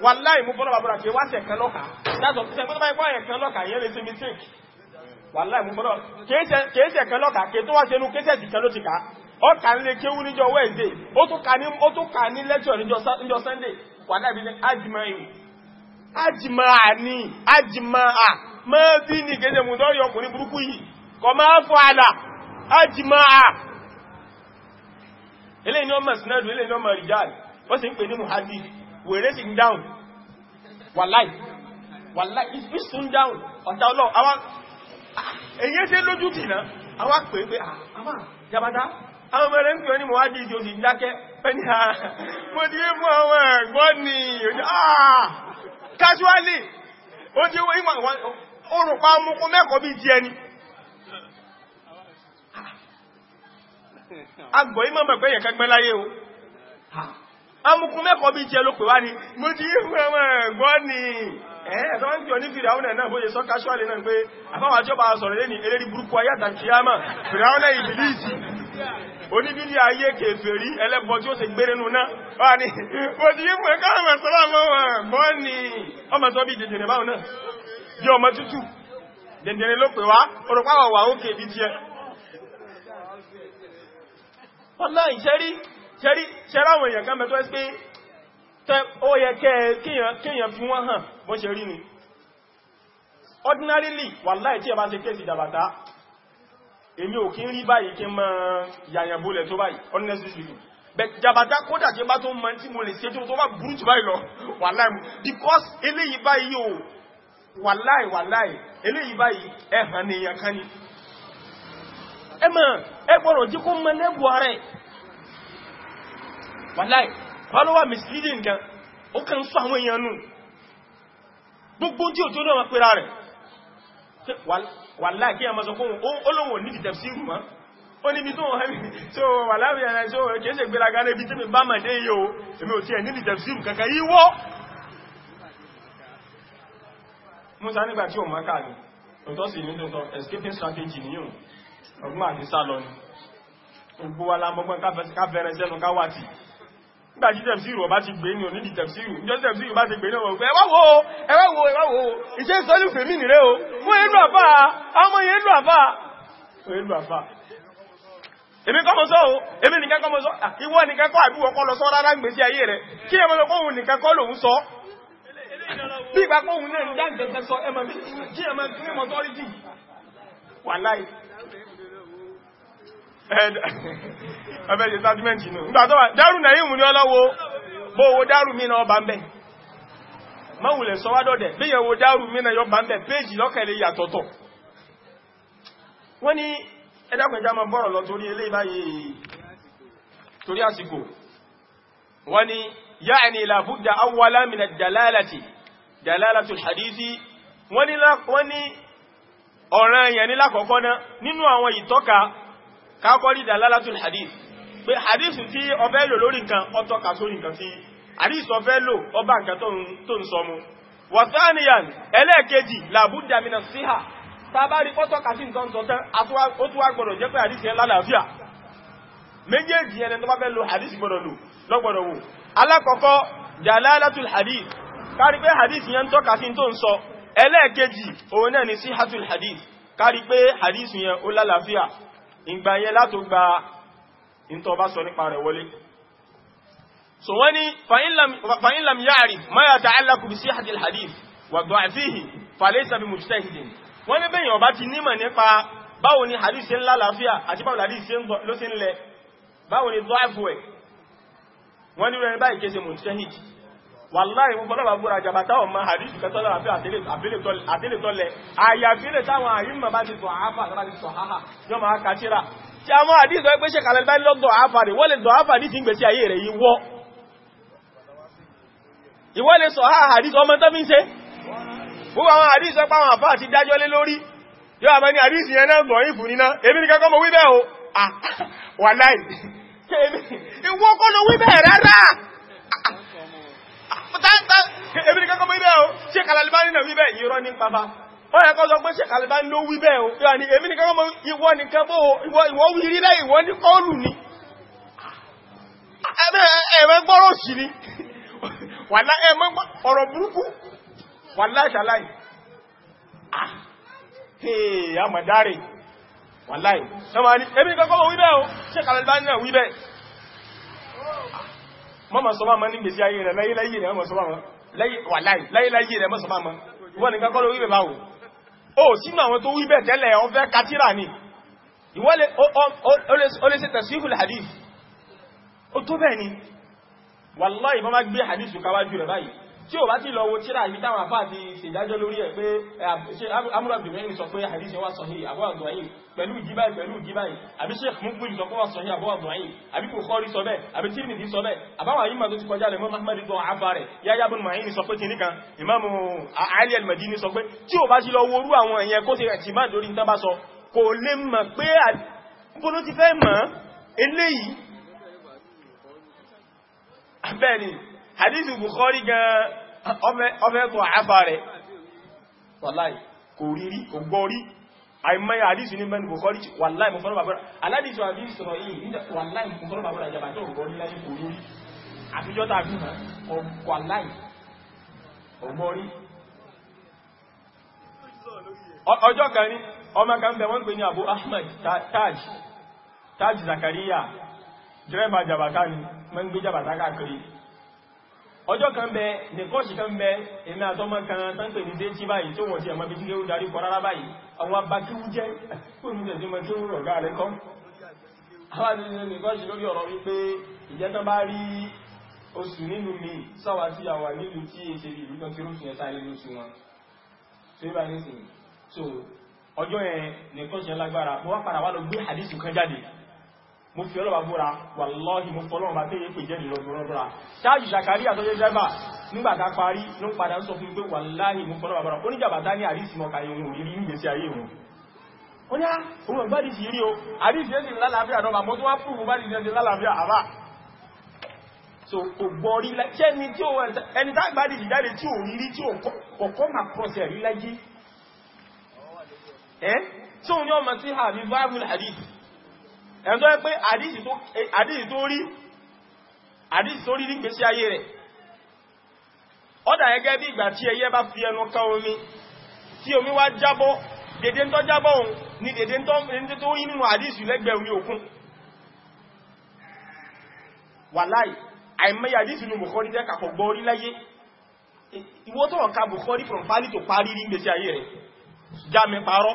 wàláì mú bọ́lọ̀ bàbúrà kí wáṣẹ̀ kan lọ́kà dájọ́ tí sẹ́gbọ́n bá ipá ẹ̀kan lọ́kà yẹ́ lè ṣe mistake wàláì mú bọ́lọ̀ kéèṣẹ̀ kan lọ́kà kí wá ṣe kéèṣẹ̀ ti kan ló ti kà ń lè kéwú Wednesday ó tún kà ní lecture Sunday wàláì bí ajima ìwò ajima ajima a máa bí ní kéde mùdọ́rì ọkùnrin burúkú yìí kọ máa fọ àlà ajima ọmọ sinadu ọmọ rijal sì ń pè ní we're sì down dáhùn wàláì it's ìsù ń dáhùn ọ̀tá ọlọ́ àwọn èyí ṣe lójú dìnà àwọn pè pé ah, àwọn jabata àwọn ọmọ rẹ̀ ń pè ní ah, mọ̀ wájí ah, casually ó ti wọ́n ìmọ̀ orùpa ọmọkún mẹ́kọ̀ọ́ bí ti ẹni agbọ̀ ìmọ̀ mẹ́gbẹ̀yẹ̀ kẹgbẹ́ amukun mẹ́kọ̀ọ́ bí jẹ́ ló pè wá ní mo ti yí fún ẹmọ ẹ̀gbọ́ ni ẹ̀ẹ́sọ́ ń kíọ̀ ní fìdáúnà náà bó ṣe sọ káṣúàlì náà pé àbáwà jọba sọ̀rọ̀ lé ní eléri burúkú ayáta kìíyàmà fìdáúnà ìbìlìsì oníbílì ayé kèfèrí ẹlẹ́bọ tí ó ṣe gbére nù náà wà ní mo ti yí fún ẹ̀ká ọlá ìṣẹ́rí ṣẹ́ráwọn èèyàn kan mẹ́tọ́ pé ó yẹ kíyàn fi wọ́n hàn bọ́n ṣe rí ni ordinarily wàláhì tí ẹ bá ṣe kéèsì jàbàtá èmi ò kí ń rí báyìí kí mọ́ yàyàn bólẹ̀ tó but jàbàtá kódà kí bá tó mọ́ tí mo lè ṣe báyìí lọ because eléyìí báyìí o wàláhì wàláhì eléyìí báyìí ẹ̀hàn nìyàn kan ni ẹmọ̀ ẹgbọ̀rọ̀ jí kó mọ́ lẹ́bù ààrẹ wàláì pàlọ́wà misleading gan ó kàn sọ àwọn èèyàn nù gbogbo tí ò tó náà pẹ́ra rẹ̀ wàláì kí a máa sọ fún olóhùn ní ìtẹ̀ sí ìrùmọ́ ó níbi tó wọ́n hẹ́mì tó wàláì ẹ̀rẹ́ tó kẹsẹ̀ gbéraga níbi tí mi bá mà dé yóò escaping strategy níyùn ọgbọ́n àti sálọ ni gbogbo wa lámọ́gbọ́n káfẹ́rẹ́ sẹ́nu nígbà tí tẹ̀fsíìrù ọba ti gbé ní onídìí tẹ̀fsíìrù ìjọ tẹ̀fsíìrù bá ti gbé náà wọ̀gbẹ́ ẹwàwò ẹwàwò ẹwàwò ìṣẹ́ ìsọ́lù fèmí nìrẹ́ o wọ́n èlò àfà ọmọ èlò àfà èlò àfà èmi kọmọsọ́ o èmi nìkan kọmọsọ́ ah, ìwọ nìkan kọ́ àbí ọkọ́ lọ sọ rárá ń gbèsè ayé rẹ̀ kí ẹmọ lọ kóhun nìkan kọ́ lòun sọ bí ìgbà kóhun náà ń dá ìgbẹ̀sẹ̀ sọ ẹmọ bí kí ẹmọ tí mọ̀ tọ́rí wà láì And ẹ̀bẹ̀ ṣe sátìmẹ̀ntì nù nígbàtọ́ dárù náà yìí mú ní ọlọ́wọ́ bó wo dárù mínà ọba ń bẹ̀ mọ́wùlẹ̀ sọwádọ́dẹ̀ bí yẹ wo dárù mínà yọba ń bẹ̀ péjì lọ́kẹ̀lẹ̀ yàtọ̀tọ̀ wọ́n ní ẹ̀dàkùnjá máa bọ́rọ̀ lọ torí eléyìí báyìí torí àsìkò wọ́n ní ya'ni la budda awwalan min ad-dalalati dalalatu al-hadithi wọ́n ní ọ̀ràn yẹn ní lákọ̀ọ́kọ́ náà nínú àwọn ìtọ́ka káàkọ́ rí dalalatul hadith pé hadith tí ó fẹ́ lò lórí nǹkan ó tọ́ka sórí nǹkan tí hadith ó fẹ́ lò ó bá nǹkan tó ń sọ mu wàtániyàn ẹlẹ́ẹ̀kejì làbúdà mina síhà tàbárí ó tọ́ka sí nǹkan sọ tán ó tún wá gbọ́dọ̀ jẹ́ pé hadith yẹn lálàáfíà méjèèjì yẹn tó bá fẹ́ lò hadith gbọ́dọ̀ lò lọ́gbọ́dọ̀ wò alákọ̀ọ́kọ́ dalalatul hadith kárí pé hadith yẹn tọ́ka sí tó ń sọ ẹlẹ́ẹ̀kejì òun náà ni síhàtul hadith kárí pé hadith yẹn ó lálàáfíà ìgbà yẹn látò gba ìntọba sọ nípa rẹ̀ wọlé so wọ́n ni fa'in lam ya'rif ma yata'allaqu bi sihhati al-hadith wa da'fihi falaysa bi mujtahidin wọ́n ní bẹ́yàn ọba ti nímọ̀ nípa báwo ni hadith ṣe ń lálàáfíà àti báwo hadith ṣe ló ṣe ń lẹ báwo ni da'fu ẹ̀ wọ́n ní rẹ̀ báyìí kése mujtahid wàláì wọn bọ́lọ́bà búra jàbátá ọmọ àdíṣù kẹtọ́lọ́ àbílẹ̀tọ́lẹ̀ àyàfílẹ̀ táwọn àyíma bá ti sọ àáfà àti sọ àáfà yọ máa kàtíra tí a mọ́ àdíṣù ẹgbẹ́ ṣe kàlẹ̀ bá lọ́dọ̀ àáfà rẹ̀ wọ́n lè dọ̀ àáfà ní ti ń gbèsè ayé rẹ̀ ìwọ́ ìwọ́ lè sọ àáfà àdíṣù ọmọ tó fi ń ṣe gbogbo àwọn àdíṣù ẹpá àwọn àfà àti dájọ́ lé lórí yọ àmọ́ ní àdíṣù yẹn náà gbọ̀n ìfún níná èmi ní kẹ́kọ́ mọ̀ wí bẹ́ẹ̀ o ah, [laughs] wàláì [laughs] ìwọ́ kọ́ lọ wí bẹ́ẹ̀ rárá ebi ní kankan wíbẹ̀ o ṣe kàlàlìbáni náà wíbẹ̀ ìrọ́ ní pàpá ó yẹ kọ́ sọ pé ṣe kàlàlìbáni ló wíbẹ̀ o yà ní ebi ní kankan ìwọ nìkan bó ìwọ wí rí lẹ́yìn ìwọ ní kọ́ọ̀lù ni ẹ̀mẹ́ gbọ́rọ̀ sí ni wàlá ẹ̀mẹ́ ọ̀rọ̀ burúkú wàlá ìṣàláì àmàdárì wàláì ẹmàrí ebi ní kankan wíbẹ̀ o ṣe kàlàlìbáni náà wíbẹ̀ mọ́mọ̀ sọ láyéláyé rẹ̀ mọ́sàn máa wọ́n nìkan kọ́ ló wí bẹ̀bá òun ó sínú àwọn tó wí bẹ̀ tẹ́lẹ̀ ọ fẹ́ katira ni ìwọ́lẹ̀ olóṣẹ́ tẹ̀síhùl hadith ó tó bẹ́ẹ̀ ni wallahi bá má gbé hadith kawájú rẹ̀ báyìí tí ò bá ti lọ wo tíra yìí táwọn àfáà ti ṣèdájọ́ lórí ẹ̀ pé amúra bìmẹ́rin sọ pé àdíṣẹ́ wà sọ̀hí àbúwà dùnayìn pẹ̀lú ìjíbáyì pẹ̀lú ìjíbáyì àbí Sheikh Muqbil sọ pé wà sọ̀hí àbúwà dùnayìn àbí Bukhari sọ bẹ́ẹ̀ àbí Tirmidhi sọ bẹ́ẹ̀ àbáwọn yìí ma tó ti kọjá lẹ́mọ́ Ahmad tó àfà rẹ̀ Yahya bin Ma'in sọ pé kìnníkan Imamu Ali al-Madini sọ pé tí ò hadithu bukhari gan ọfẹ́ tó àáfà rẹ̀ wàláì kò rírí kò gbọ́rí àìmọ́ hadithu ní mẹ́rin bukhari wàláì mọ̀ fọ́nà bàbára aládìsù àbí sọ̀rọ̀ yìí wàláì mọ̀ fọ́nà bàbára jẹba tó gbọ́rí taj zakariya dírẹ́bà jàbátá ni mọ́ ń gbé ọjọ́ kan bẹ nìkọ́ṣì kan bẹ èmi àtọ́mọ́ kan tán pè ní déjì báyìí tí wọ́n ti ẹ̀mọ́ bí kílé ó darí kọ rárá báyìí àwọn abá kí ó jẹ́ fúnmùsẹ̀ [laughs] tí mọ́ kí ó rọ̀gá rẹ̀ kọ́ àwọn nìkọ́ṣì lórí ọ̀rọ̀ wípé ìjẹ́tán bá rí oṣù nínú mi sáwà tí a wà nílùú tí e mo fi ọlọ́wà búra wàlọ́hì mo fọ́lọ́wà tí èyí pè jẹ́ ìlọ́gbọ́nọ́gbọ́ra ṣáàjù ṣàkàrí àtọ́jẹ́ jẹ́bà nígbàtà parí ló ń padà sọ fún pé wàláhì mo fọ́lọ́wà búra ó ní ah, o àríṣì ẹ́sì lálàáfíà náà mo tún wá fún ìgbà àríṣì ẹ́sì so kò gbọ́ rí ẹni tí ó ẹni tá gbádì sí jáde tí ò rí rí tí ò kọ̀kọ́ mà pọ̀sẹ̀ rí láyé ẹ́ tí òun ní ọmọ sí àbí bible hadith ẹni tó yẹ pé àdísì tó rí àdísì tó rí ní gbèsè ayé rẹ̀ ọ́dà ẹgẹ́ bí ìgbà tí ẹyẹ bá fi ẹnu kan omi tí omi wá jábọ́ dédé tó jábọ́ òun ni dédé tó rí nínú àdísì lẹ́gbẹ̀ẹ́ omi òkun wàláì àìmẹ́yà àdísì nù Bukhari jẹ́ kàkọ̀ gbọ́ orí from pali to pali ní gbèsè ayé rẹ̀ jámi parọ́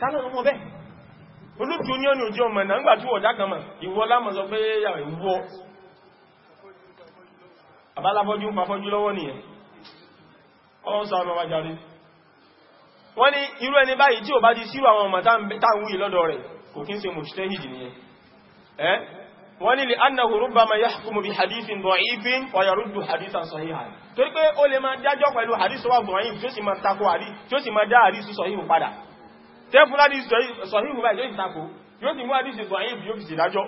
kálọ̀ ọmọ bẹ́ olóòtú ní ọ̀nà òjò ọmọ ẹ̀nà ńgbàtí wọ̀dá kan mọ̀ ìwọ lámọ̀ sọ pé yàwó ìwọ àbálafọ́jú ń pàfọ́jú lọ́wọ́ nìyẹn ọlọ́run sọ ọmọ wájáre wọ́n ní irú ẹni báyìí tí ò bá di sírò àwọn ọmọ táwọn yìí lọ́dọ̀ rẹ̀ kò kí ń ṣe mùsùtẹ́hìdì nìyẹn ẹ́ wọ́n ní lè annahu rubbama yahkumu tẹ́ fúnládì sọ̀híhù báyìí yóò ìtàkù yóò sì mú àdíṣe sọ̀híhù yóò fi ṣèdájọ́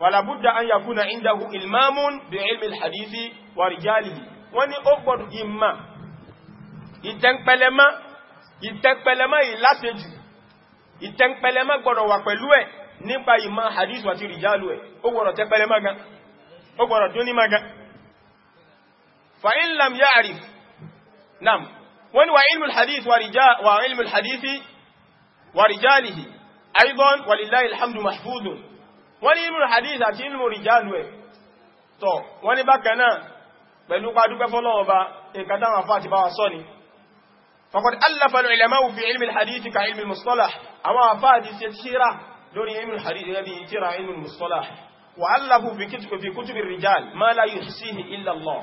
wàlàbúdà an yakuna indahu ilmamun bí ilmi alhadithi wa rijalihi wọ́n ní ó gbọ́dù ìmá ìtẹ́ǹpẹlẹmá ìtẹ́ǹpẹlẹmá ìlàṣẹ́jù ìtẹ́ǹpẹlẹmá gbọ́dọ̀ wà pẹ̀lú ẹ̀ nípa ìmá hadith àti rijalu ẹ̀ ó gbọ́dọ̀ tẹ́pẹlẹmá gan ó gbọ́dọ̀ tó ní má gan fa in lam ya'rif nam wọ́n ni wà ilmul hadith wà ilmul hadithi wà rijalihi aidan walillahi alhamdu mahfudun wọ́n ni ilmul hadith àti ilmul rijalu ẹ̀ tọ́ wọ́n ni bákan náà pẹ̀lú pàdúpẹ́ fọ́lọ́wọ́ bá nǹkan táwọn afá ti bá wa sọ ni faqad allafa al-ulama'u fi ilmul hadith ka ilmul mustalah àwọn afá ti ṣe tíra lórí ilmul hadith gẹ́gẹ́ bí tíra ilmul mustalah wa allafu fi kutubi rijal ma la yuhsihi illa Allah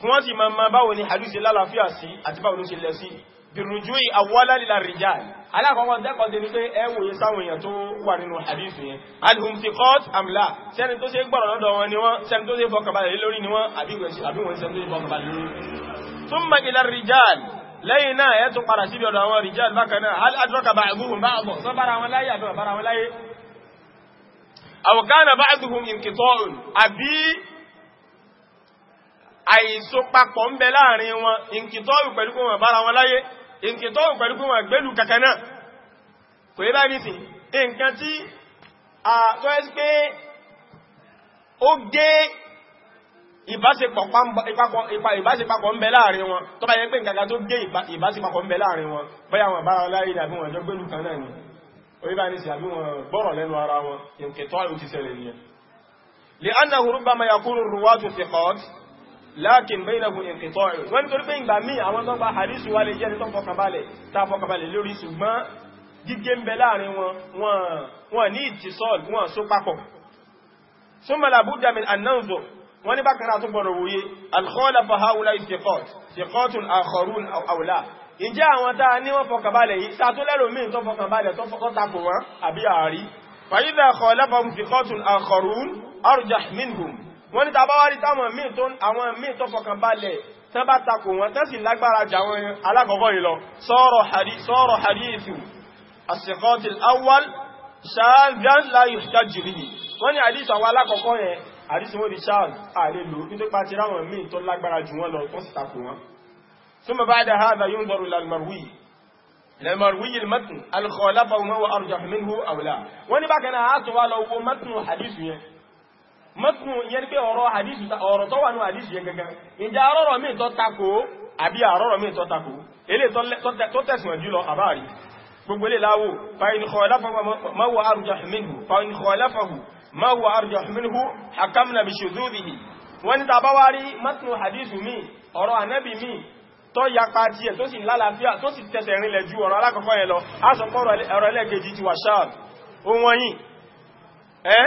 fún wọ́n ti ma ma báwo ni hadisi lálàáfíà sí àti báwo ló ṣe lẹ sí bìrùjúì àwọ́lálìlà rìjà alákọ̀ọ́kọ́ dẹ́kọ̀ọ́dé ní pé ẹwò yẹ sáwọn èèyàn tó wà nínú hadisi yẹn alhum ti kọ́t àmìlà sẹ́ni tó ṣe gbọ́rọ̀ lọ́dọ̀ wọn ni wọ́n sẹ́ni tó ṣe fọkàbalẹ̀ lórí ni wọ́n àbí wọ́n sẹ́ni àìsó papọ̀ ń bẹ láàrin wọn ìǹkìtọ́rù pẹ̀lú pé wọn bára wọn láyé ìǹkìtọ́rù pẹ̀lú pé wọn gbélù kàkànáà kò yẹ báyìí sí nǹkan tí a tọ́ ẹ́ sí pé ó gé ìbáṣepapọ̀ ń bẹ láàrin wọn tó bá yẹ pé nǹkan tó gé ìbáṣepapọ̀ ń bẹ láàrin wọn bóyá wọn bára wọn láyé àbí wọn jọ gbélù kan ni orí bá ní sí àbí wọn gbọ́rọ̀ lẹ́nu ara wọn ìǹkìtọ́rù ti ṣẹlẹ̀ nìyẹn لأنه ربما يكون الرواة ثقات lákin bainahum inqita'u wọ́n nítorí pé ìgbà míì àwọn tó bá hadisi wà lè jẹ́ tó fọkànbalẹ̀ tá fọkànbalẹ̀ lórí ṣùgbọ́n gígé ń bẹ láàrin wọn wọn ní ìtìsọ́ọ̀lù wọn só papọ̀ summa la budda min an-nanzur wọ́n ní bákanáà tó gbọ́nà wòye al-khalafa ha'ula'i thiqat thiqatun akharun aw la ìjẹ́ àwọn tàà ní wọ́n fọkànbalẹ̀ yìí tàà tó wọ́n ní tàbá wárí táwọn míì tó fọkàn balẹ̀ tán bá takò wọn tán sì lágbára jà wọn alákọ̀ọ́kọ́ yìí lọ sọ́rọ̀ hadithu as-siqatil awwal ṣáàdán láyé ṣájìrí wọ́n ní hadith àwọn alákọ̀ọ́kọ́ yẹn wọ́n di ṣáàd ààrẹ lò lọ tó sì takò wọn mọ́tún yẹn pé ọ̀rọ̀ ọ̀rọ̀ tó wà ní àdíṣì yẹn gẹ́gẹ́ ìjà arọ́rọ̀ mí tó takò àbí àrọ́rọ̀ mí tó takò ilé tó tẹ̀sùn jùlọ àbáàrí gbogbo ilé láwò fa'in khalafahu ma huwa arjah minhu hakamna bi shudhudihi wọ́n ta bá wárí mọ́tún hadithu mi ọ̀rọ̀ ànábì mi tó yapa tí ẹ̀ tó ẹ́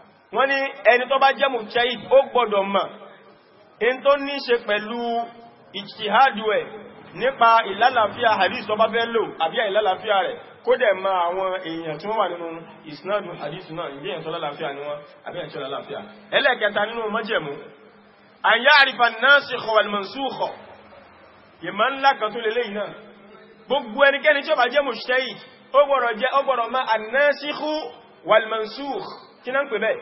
wọ́n ní ẹni tó bá jẹ́ mujtahid ó gbọ́dọ̀ mọ̀ in tó ní ṣe pẹ̀lú ìjtihádù ẹ̀ nípa ìlàlàfíà hadith tó bá fẹ́ lò àbí ìlàlàfíà rẹ̀ kó dẹ̀ ma àwọn èèyàn tí wọ́n wà nínú ìsinádù hadith náà ìgbé èèyàn tó lálàáfíà ni wọ́n àbí èèyàn tó lálàáfíà ẹlẹ́ẹ̀kẹta nínú májẹ̀mú an ya'rifa an-nasikh wal-mansukh ìmọ̀ ńlá kí náà pè bẹ́ẹ̀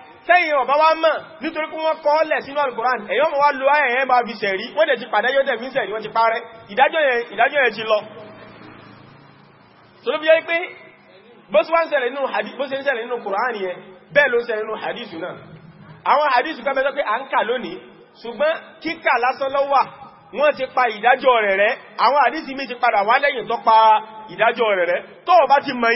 tẹ́yìn ọ̀bá wá mọ̀ nítorí kún wọ́n kọ́ lẹ̀ sínú Al-Qur'an ẹ̀yọ́ mọ̀ wá lo ayẹyẹ bá fi sẹ̀rí wọ́n dẹ̀ ti pàdájọ́ tẹ̀ fi sẹ̀rí wọ́n ti parẹ́ ìdájọ́ yẹn ti lọ tó ló fi yẹ́ pé bó ṣe ń ṣẹlẹ̀ nínú Qur'an yẹn bẹ́ẹ̀ ló ń ṣẹlẹ̀ nínú hadith náà àwọn hadith kan bẹ́ẹ̀ pé à ń kà lónìí ṣùgbọ́n kíkà lásán ló wà wọ́n ti pa ìdájọ́ rẹ̀ rẹ̀ àwọn hadith mi ti pa ìdájọ́ rẹ̀ rẹ̀ tó o bá ti mọ̀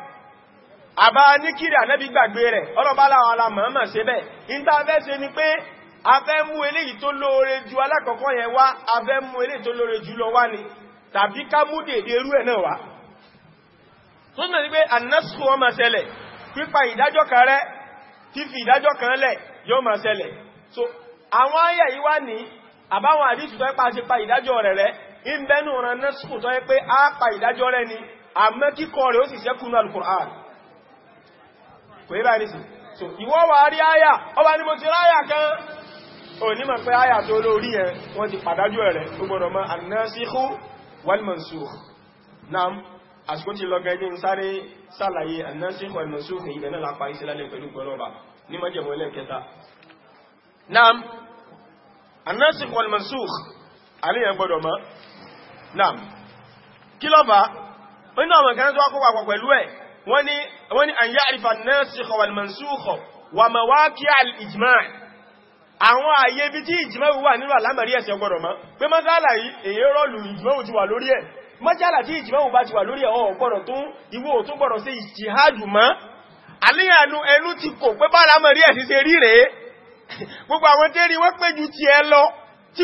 àbá níkìrì ànẹ́bí gbàgbé rẹ̀ ọlọ́bá láwọn alamọ̀ọ́mọ̀ ṣe bẹ́ẹ̀ ìntàfẹ́ ṣe ni pé a fẹ́ mú eléyìí tó lóore ju alákọ̀ọ́kọ́ yẹn wá a mú eléyìí tó lóore jù lọ wá ni tàbí ká mú dèdè irú ẹ̀ náà wá tó mẹ́ ní pé so àwọn ayẹ̀ yìí wá ní pa ṣe pa ìdájọ́ rẹ̀ rẹ̀ ń bẹ́nu ran násùkú tó yẹ pé a pa ìdájọ́ rẹ̀ ni àmọ́ kíkọ rẹ̀ ó sì ṣẹ́kùnú alukur'an kò yí báyìí sí so ìwọ́ wà rí àyà ọba ni mo ti ráyà kan o ní ma pé àyà tó lórí ẹ wọ́n ti pàdájú ẹ̀rẹ̀ tó gbọ́dọ̀ mọ́ annasikhu wal mansukh nam àsìkò ti lọ́gẹ́ ní sáré sàlàyé annasikhu wal mansukh ìgbẹ̀ náà lápá ìsìlálẹ̀ pẹ̀lú gbọ́nọ́ba ní mọ́jẹ̀mọ́ ẹlẹ́kẹta nam annasikhu wal mansukh àríyàn gbọ́dọ̀ mọ́ nam kí lọ́ba nínú àwọn kan tó wá kó papọ̀ pẹ̀lú ẹ̀ wọ́n ní wọ́n ni an ya'rifa an-nasikha wal-mansukha wa mawaqi'a al-ijma' àwọn àyè bí tí ìjìmáwò wà nínú àlámàrí ẹ̀sẹ̀ ọgbọ̀rọ̀ mọ́ pé mọ́sálà yìí èyí rọ́lù ìjìmáwò ti wà lórí ẹ̀ mọ́sálà tí ìjìmáwò bá ti wà lórí ẹ̀ ọ̀pọ̀rọ̀ tó ìwò tó gbọ́rọ̀ sí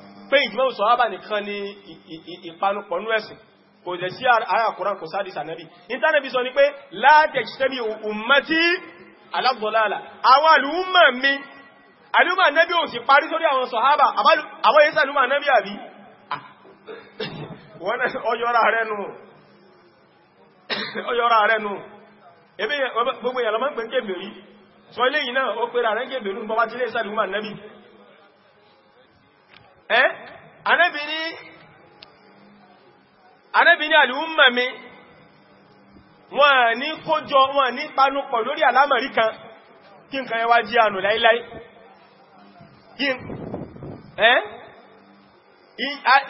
pé ìjìmọ̀ sọ̀hábà nìkan ni ìpanupọ̀ nú ẹ̀sìn kò jẹ́ sí àyàkùnrán kò sáàdì sànẹ́bì ìntánẹ́bì sọ ní pé látẹ̀ṣẹ́bì ummati alábọ̀láàlá àwọn àlúmọ̀ mi àlúmọ̀ nẹ́bí ò sì parí sórí àwọn sọ̀hábà àwọn yẹ́sà àlúmọ̀ nẹ́bí àbí ọyọ́ra rẹ̀ nù ebe gbogbo ìyàlọ́mọ́ pẹ̀lú kébèrè sọ ilé yìí náà ó pèrà rẹ̀ kébèrè bọ́bá tí lè sàlúmọ̀ nẹ́bí Eh? anẹ́bìnrin àlúùmọ̀ mi wọ́n ní kójọ wọ́n ní panupọ̀ lórí àlámọ̀rí kan kí n kan jí ànù láíláí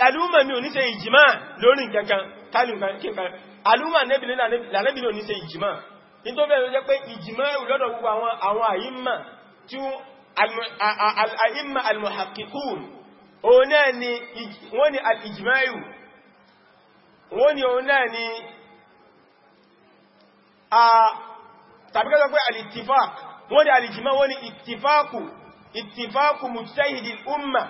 àlúùmọ̀ mi ò ní ṣe ìjìmá lórí kankan àlúùmọ̀ lẹ́bìnrin ò ní ṣe ìjìmá nítorí bẹ̀rẹ̀ jẹ́ pé ìjìmá ìlọ́dọ̀ gbogbo àwọn àyíma tí al òun náà ni wọ́n ni al-ijma'u wọ́n ni òun náà ni a tàbíkọ́ pé al-ittifaq wọ́n ni al-ijma' wọ́n ni ittifaqu ittifaqu mujtahidi al-umma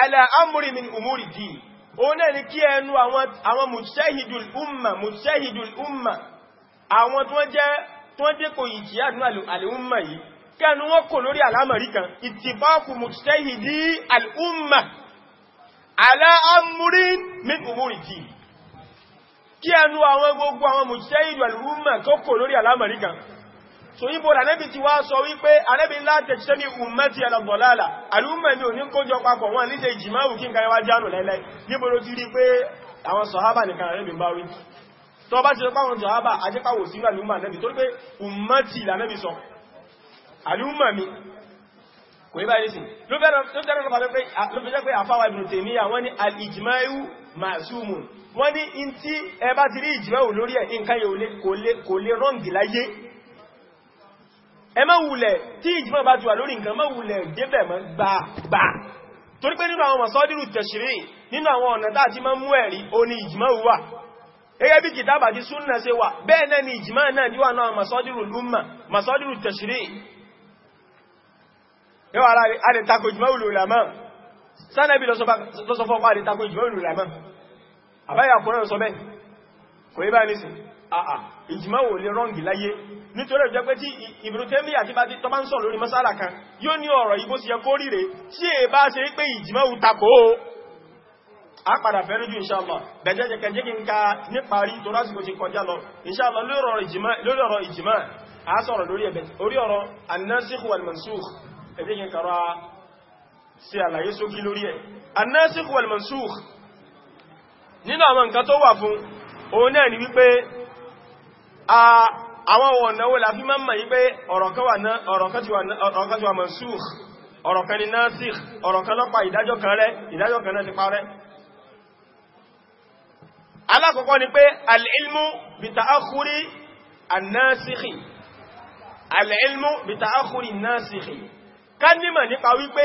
ala amri min umuri din òun náà ni kí ẹnu àwọn mujtahidu umma mujtahidu umma àwọn tó jẹ́ kò yìí kí àdúnà al yìí kẹnu wọn kò lórí àlámọ̀rí kan ìtìbákù mùsẹ́hìdí al'umma aláàmúrín min umuri ti kí ẹnu àwọn gbogbo àwọn mùsẹ́hìdí al'umma tó kò lórí àlámọ̀rí kan so yíbo ànábì ti wá sọ wípé ànábì láti ṣe ní ummeti alàbọ̀lálà al'umma mi ò ní kójọ papọ̀ wọn níṣe ìjìmáwù kí n kàríwá jánù lẹ́lẹ́ níbo ló ti rí pé àwọn sọ̀hábà nìkan ànábì bá wí tó bá ti sọ páwọn sọ̀hábà sọ àlúmà mi kò yí báyìí sí ló bẹ́rẹ̀ pé àfáwà Ibn Taymiyyah wọ́n ní al-ijma'u ma'sumun wọ́n ní in tí ẹ bá ti rí ìjìmáwò lórí ẹ̀ nǹkan yẹ kò lè rọ́ǹgì láyé ẹ má wulẹ̀ tí ìjìmá bá ti wà lórí nǹkan má wulẹ̀ débẹ̀ mọ́ gbàgbà torí pé nínú àwọn masadiru tashri' nínú àwọn ọ̀nà tá ti máa mú ẹ̀rí ó ní ìjìmá wà gẹ́gẹ́ bí kìtàbà ti yóò ara rẹ̀ alẹ́ takò ìjùmọ́ olùlàmọ́ sánẹ́bí lọ́sọ́fọ́ pa alẹ́ takò ìjùmọ́ olùlàmọ́ àbáyà kúrò sọ bẹ́ẹ̀ kò yí báyìí sí àà ìjùmọ́ ò lè rọ́ǹgì láyé nítorí ìjọ pé tí ìbìrútẹ́mì àti bá ti tọ́bá a padà fẹ́rí jù inshallah bẹ̀jẹ́ jẹ́ kẹjẹ́ kí n ka níparí tó lásìkò ti kọjá lọ inshallah lórí ọ̀rọ̀ ìjìmọ́ a sọ̀rọ̀ lórí ẹ̀bẹ̀ orí ọ̀rọ̀ an-nasikh wal ẹ̀dẹ́ yẹn kàrọ sí àlàyé sókí lórí ẹ̀ annasikh wal mansukh nínú àwọn nǹkan tó wà fún òun náà ni wípé àwọn ọ̀nà wo la fi máa ń mọ̀ wípé ọ̀rọ̀ kan ti wà mansukh ọ̀rọ̀ kan ni nasikh ọ̀rọ̀ kan lọ́pa ìdájọ́ kan rẹ̀ ìdájọ́ kan náà ti parẹ́ alákọ̀ọ́kọ́ ni pé al'ilmu bi ta'akhuri annasikhi al'ilmu bi ta'akhuri annasikhi ká nímọ̀ nípa wípé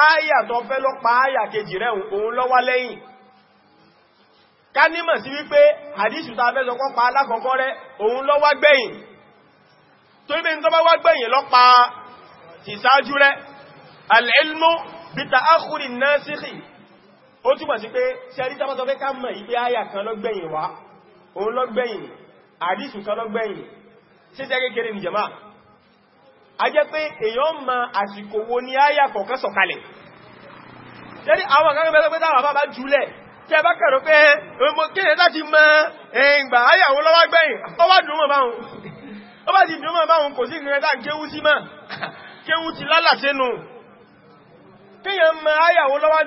ááyà tó fẹ́ lọ pa ááyà kejì rẹ̀ òun ló lẹ́yìn ká sí wípé àdíṣù ta fẹ́ sọpọ́ pa alákọ̀ọ́kọ́ rẹ̀ òun ló wá gbẹ̀yìn tó ní tó bá gbẹ̀yìn lọ pa ti sáájú rẹ̀ al-ilmu bi ta'akhuri an-nasikhi ó túmọ̀ sí pé kan ló gbẹ̀yìn wá òun ló gbẹ̀yìn àdíṣù kan ló gbẹ̀yìn kékeré ni jàmáà a jẹ́ pé èyàn ma àsìkò wo ní àyà kọ̀ọ̀kan sọ̀kalẹ̀ lẹ́rí àwọn kan bẹ́ẹ̀ pé táwọn bá jùlẹ̀ tí a bá kẹ̀rọ pé ọmọ kéde láti mọ ẹ̀yìngbà àyà wọn lọ́wọ́ gbẹ̀yìn ó bá dùn mọ́ báhùn ó bá ti dùn mọ́ báhùn kò sí kẹta kéwú sí mọ́ kéwú ti lálàṣẹ́ nù kéyàn mọ àyà wọn lọ́wọ́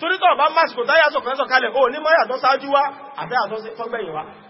torítọ̀ bá másìkò táyà sọ̀kalẹ̀ ó ní mọ́yà tó sáájú wá àtẹ́yà tó gbẹ̀yìn wá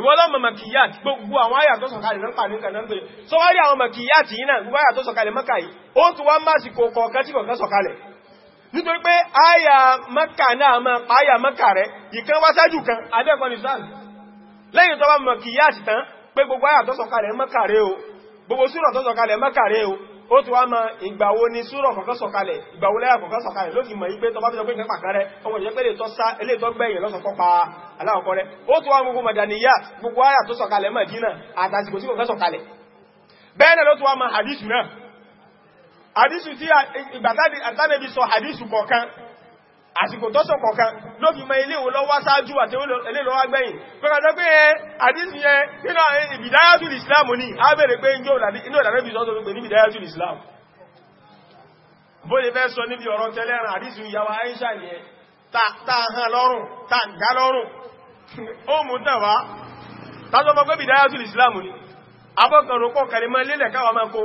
ìwọ́lọ́ mọ̀ makiyat gbogbo àwọn àyà tó sọ̀kalẹ̀ náà pàdé kan náà pé so wá rí àwọn makiyat yìí náà gbogbo àyà tó maka Mákà yìí ó tún wá máa sì kọ̀ọ̀kan tí kọ̀ọ̀kan sọ̀kalẹ̀ nítorí pé àyà Mákà náà ma pàáyà Mákà rẹ̀ ó ti wá ma ìgbàwo ni súrọ̀ kọ̀kan sọ̀kalẹ̀ ìgbàwo lẹ́yà kọ̀kan sọ̀kalẹ̀ ló fi mọ̀ ipé tọba tó jọ pé ìkan pàkàrẹ ọmọ ìjẹ́ pé lè tọ́ gbẹ̀yìn lọ́sọ̀kọ́ pa aláwọ̀kọ́ rẹ̀ ó ti wá gbogbo mọ̀dàníyà gbogbo àyà tó sọ̀kalẹ̀ Mádínà àtàsìkò tí kọ̀kan sọ̀kalẹ̀ bẹ́ẹ̀ ló àsìkò tọ́sọ̀ kọ̀kan ló fi mọ ilé wo lọ́wọ́ sáájú àti ilé lọ́wọ́ gbẹ̀yìn pẹ́kàtọ́ pé ẹ àdísì eh, yẹn nínú eh, ìbìdáyàtù ìsìláàmù ní a bèèrè pé inú ìdàrẹ́ bí sọ́tọ̀ pé ní ìbìdáyàtù ìsìláàmù bó lè fẹ́ sọ níbi ọ̀rọ̀ tẹ́lẹ̀rìn àdísì ìyàwó Aisha yẹn ta hàn lọ́rùn ta gá lọ́rùn [laughs] ó mú tàn wá tásọ mọ́ pé ìbìdáyàtù ìsìláàmù ní abọ́kànrò pọ̀ kàrí mọ́ lélẹ̀ káwà máa kó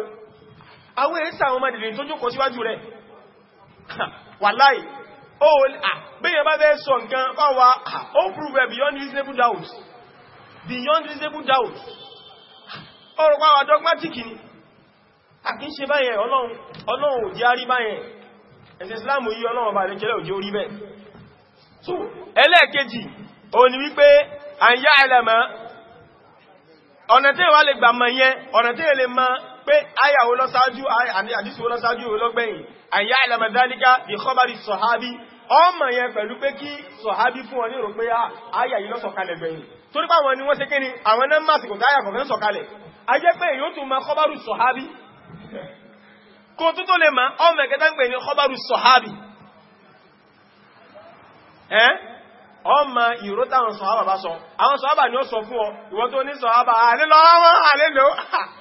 àwọn èsà àwọn ọmọdìlẹ̀ tó jókòó síwájú rẹ̀ [laughs] wàláì ó oh, ah, bẹ́yẹn bá fẹ́ sọ nǹkan fáwa ah, ó beyond reasonable doubt beyond reasonable doubt ah, ọ̀rọ̀ pàwà dogmatic ni a kìí ṣe báyẹn ọlọ́run òjì arí báyẹn ẹ̀sẹ̀ islam yí ọlọ́run bá lẹ́kẹ́lẹ́ òjì orí bẹ́ẹ̀ so ẹlẹ́ẹ̀kejì ó ní wípé àyà ẹlẹ́mọ́ ọ̀nà tí wà lè gbà mọ̀ yẹn ọ̀nà tí lè mọ̀ pé ayàwó lọ́sáájú àdísíwó lọ́sáájú ológbẹ̀yìn àyà ìlàmàdáníká bí kọbárí sọ̀hábí ọmọ yẹn pẹ̀lú pé kí sọ̀hábí fún wọn ní rò pé ayà ah, yìí lọ́sọ̀kalẹ̀ gbẹ̀yìn torí pé àwọn ni wọ́n ṣe kí ni àwọn náà máa sìkò táyà kọ̀fẹ́ sọ̀kalẹ̀ a jẹ́ pé èyí ó tún ma kọbárí sọ̀hábí kò tó tó lè ma ọmọ ẹ̀kẹta ń pè ní kọbárí sọ̀hábí ọmọ ìró táwọn sọ̀hábà bá sọ àwọn sọ̀hábà ni ó sọ fún ọ ìwọ́n tó ní sọ̀hábà àlélọ́wọ́ àlélọ́wọ́ [laughs]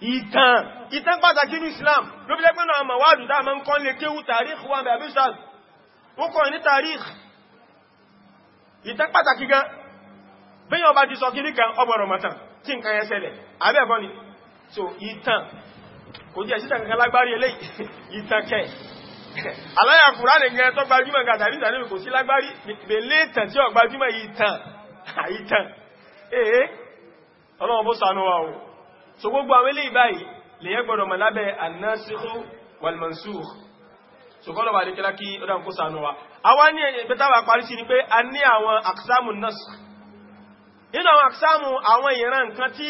ìtàn ìtàn pàtàkì ní Islam ló bí lẹ́pẹ́ náà mọ̀ wádùú dáa mọ́ ń kọ́ lè kéwú tàríkì wọn bẹ̀rẹ̀ bíṣà ó kọ́ ní tàríkì ìtàn pàtàkì gan bẹ́yàn ọba ti sọ kí níkan ọgbọ̀rọ̀ mọ̀tàn tí nǹkan yẹn ṣẹlẹ̀ abẹ́ẹ̀kọ́ ni so ìtàn kò jẹ́ síta kankan lágbárí eléyìí [laughs] ìtàn kẹ́ [laughs] aláyà kùrá lè gẹn tó gbajúmọ̀ nǹkan tàbí ìtàn kò sí lágbárí bèlé ìtàn tí ó gbajúmọ̀ ìtàn [laughs] ìtàn ee ọlọ́run bó ṣàánú wa o so gbogbo àwọn eléyìí báyìí lèyẹ gbọdọ̀ mọ̀ lábẹ́ an-nasikh wal-mansukh so kọ́lọ̀ wà níkẹ́lá kí ó kó sànú wa àwọn ní ìpẹtàwà parí sí ni pé a ní àwọn aksamu nasr nínú àwọn aksamu àwọn ìran nǹkan tí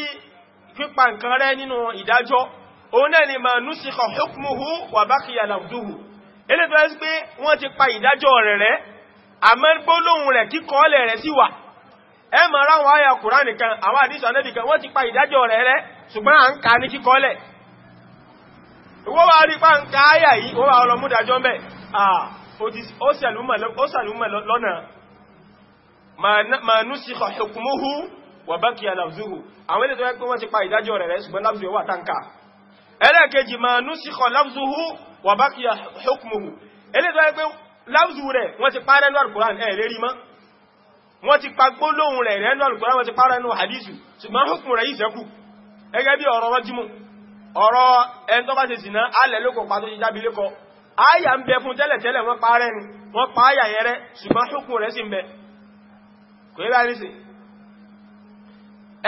pípa nǹkan rẹ nínú ìdájọ́ òun náà ni ma nusikha hukmuhu wa baqiya lafduhu ilé tó ẹ́sí pé wọ́n ti pa ìdájọ́ rẹ̀ rẹ̀ àmọ́ gbólóhùn rẹ̀ kíkọ́ọ́lẹ̀ rẹ̀ sí wà ẹ máa ráwọn àyà Kùránì kan àwọn àdísọ̀ Ànábì kan wọ́n ti pa ìdájọ́ rẹ̀ rẹ̀ ṣùgbọ́n à ń ka ní kíkọ́lẹ̀ wọ́n wá rí pa ń ka áyà yìí wọ́n wá ọlọ múdàjọ́ mẹ́ ó sàlúmọ̀ lọ́nà ma nú sí hukmuhu wà bá kí aláwùzúhù àwọn ilẹ̀ tó yẹ pé wọ́n ti pa ìdájọ́ rẹ̀ rẹ̀ ṣùgbọ́n láwùzú wà ma nú sí láwùzúhù wà bá kí hukmuhu ilẹ̀ tó yẹ pé láwùzú rẹ̀ wọ́n ti pa rẹ̀nú alkùrán ẹ̀ lérí mọ́ wọ́n ti pa gbólóhùn rẹ̀ rẹ̀nú alkùrán gẹ́gẹ́ bí ọ̀rọ̀ rọ́jímù ọ̀rọ̀ ẹni tó bá ṣe sìná alẹ̀ lókò pa tó ṣe jábí lékọ áyà ń bẹ fún tẹ́lẹ̀tẹ́lẹ̀ wọ́n pa rẹ̀ ni wọ́n pa áyà yẹrẹ ṣùgbọ́n ṣùkùn rẹ̀ sì ń bẹ kò yẹ́ báyìí sí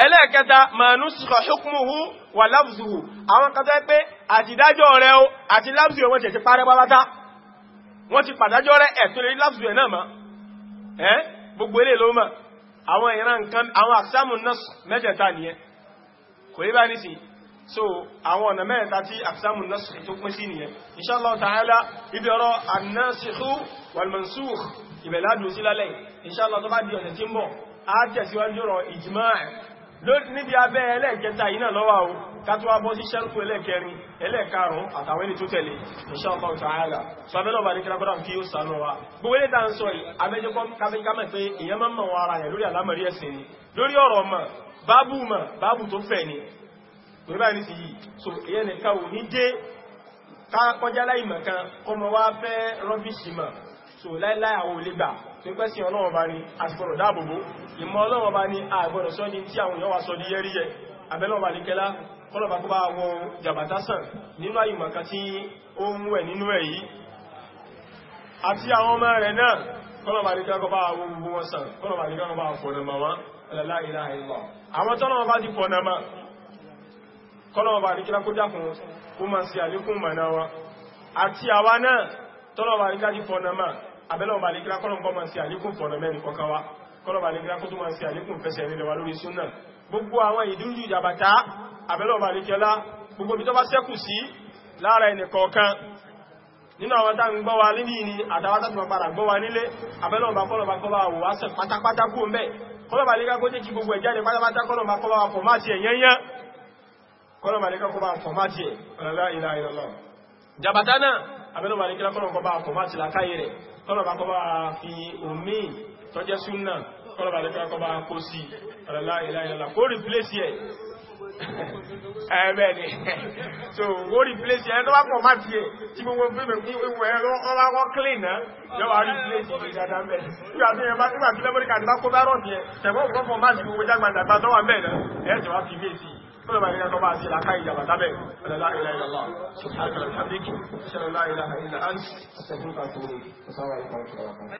ẹlẹ́ẹ̀kẹta màánú sùkọ̀ ṣùkùnmùhù wà lábùsùhù àwọn kan tó yẹ pé àtìdájọ́ rẹ̀ o àti lábùsù rẹ̀ gbogbo eléyìí ló mọ̀ àwọn ìran nǹkan àwọn àṣàmù náà mẹ́tẹ̀ẹ̀ta nìyẹn kò yí bá nísìn so àwọn ọ̀nà mẹ́ta tí aqsamu nasikh tó pín sí nìyẹn inshallah ta'ala ibi ọ̀rọ̀ an-nasikhu wal-mansukh ìbẹ̀ládùn sí lálẹ́ inshallah tó bá di ọ̀sẹ̀ tí ń bọ̀ á tẹ̀síwájú ọ̀rọ̀ ijma' níbi abẹ́ ẹlẹ́ẹ̀kẹta yìí náà lọ́wọ́ o kátọ́wà bọ́ sí ṣẹ́rùkú ẹlẹ́ẹ̀kẹrin ẹlẹ́ẹ̀karùn àtàwẹ́ni tó tẹ̀lé insha Allah ta'ala sọ abẹ́lọ́ bá ní kí lágbọ́dá kí ó sànú wa lórí ọ̀rọ̀ ọmọ báàbù mà báàbù tó fẹ̀ ni pẹ̀lú ní sí yìí so èyẹ nìkan ò ní dé kọjá láìmọ̀ kan ọmọ wá fẹ́ rọ́bíṣì mà so láìláì àwọn olè gbà tó pẹ́ sí ọlọ́wọ́ bá ní àsìkọ̀rọ̀ dáàbòbò ìmọ̀ ọlọ́wọ́ bá ní àgbọ̀rọ̀ sọ́ ní tí àwọn èèyàn wà sọ ní yẹ́ríyẹ abẹ́lọ́wọ́ bá ní kẹ́lá kọlọ̀bà kó bá wọn jàbàtà sàn nínú àyìmọ̀ká tí ó ń wẹ̀ nínú ẹ̀ yìí àti àwọn ọmọ rẹ̀ náà kọlọ̀bà la ilaha illallah àwọn tọ́lọ́wọ́ bá ti fọ̀nà ma kọ́lọ́wọ́ bá ríkílá kó dákùn kó ma sí àlékún màná wa àti àwa náà tọ́lọ́wọ́ bá ríkílá ti fọ̀nà ma abẹ́lọ́wọ́ bá ríkílá kọ́lọ́wọ́ ma sí àlékún fọ̀nà mẹ́rin kọ́kan wa kọ́lọ́wọ́ bá ríkílá kó tó ma sí àlékún fẹsẹ̀ nílẹ̀ wa lórí súnà gbogbo àwọn ìdúrú ìjàbàtà abẹ́lọ́wọ́ bá ríkílá wa níbi ni àtàwátàtàwà padà gbọ́ wa nílé abẹ́lọ́wọ́ bá kọ́lọ́wọ́ bá kọ́lọ́wọ́ wò wá kọlọ̀bà lè ká kó jẹ́ kí gbogbo ẹ̀ jáde pátápátá kọlọ̀bà kọlọ̀bà fọ̀mátì ẹ̀ yẹ́nyẹ́ kọlọ̀bà lè ká illallah jàbàtà náà abẹ́lọ́bà lè ká kọlọ̀bà fọ̀mátì làkáyé rẹ̀ fi omi tọ́jẹ́ súnnà kọlọ̀bà lè ká kọlọ̀bà kó sí illallah kó replace ẹ̀ [laughs] Eh, ẹ̀bẹ̀ ni so wó replace ẹni tó bá pọ̀ máa tiẹ̀ tí gbogbo fíìmù ní ewu ẹ̀rọ ọlọ́wọ́ clean náà yọ́wà replace ìlú ìjàdá mẹ́ nígbà tí ẹ̀bá nígbà tí lẹ́mọ́rí kàdé bá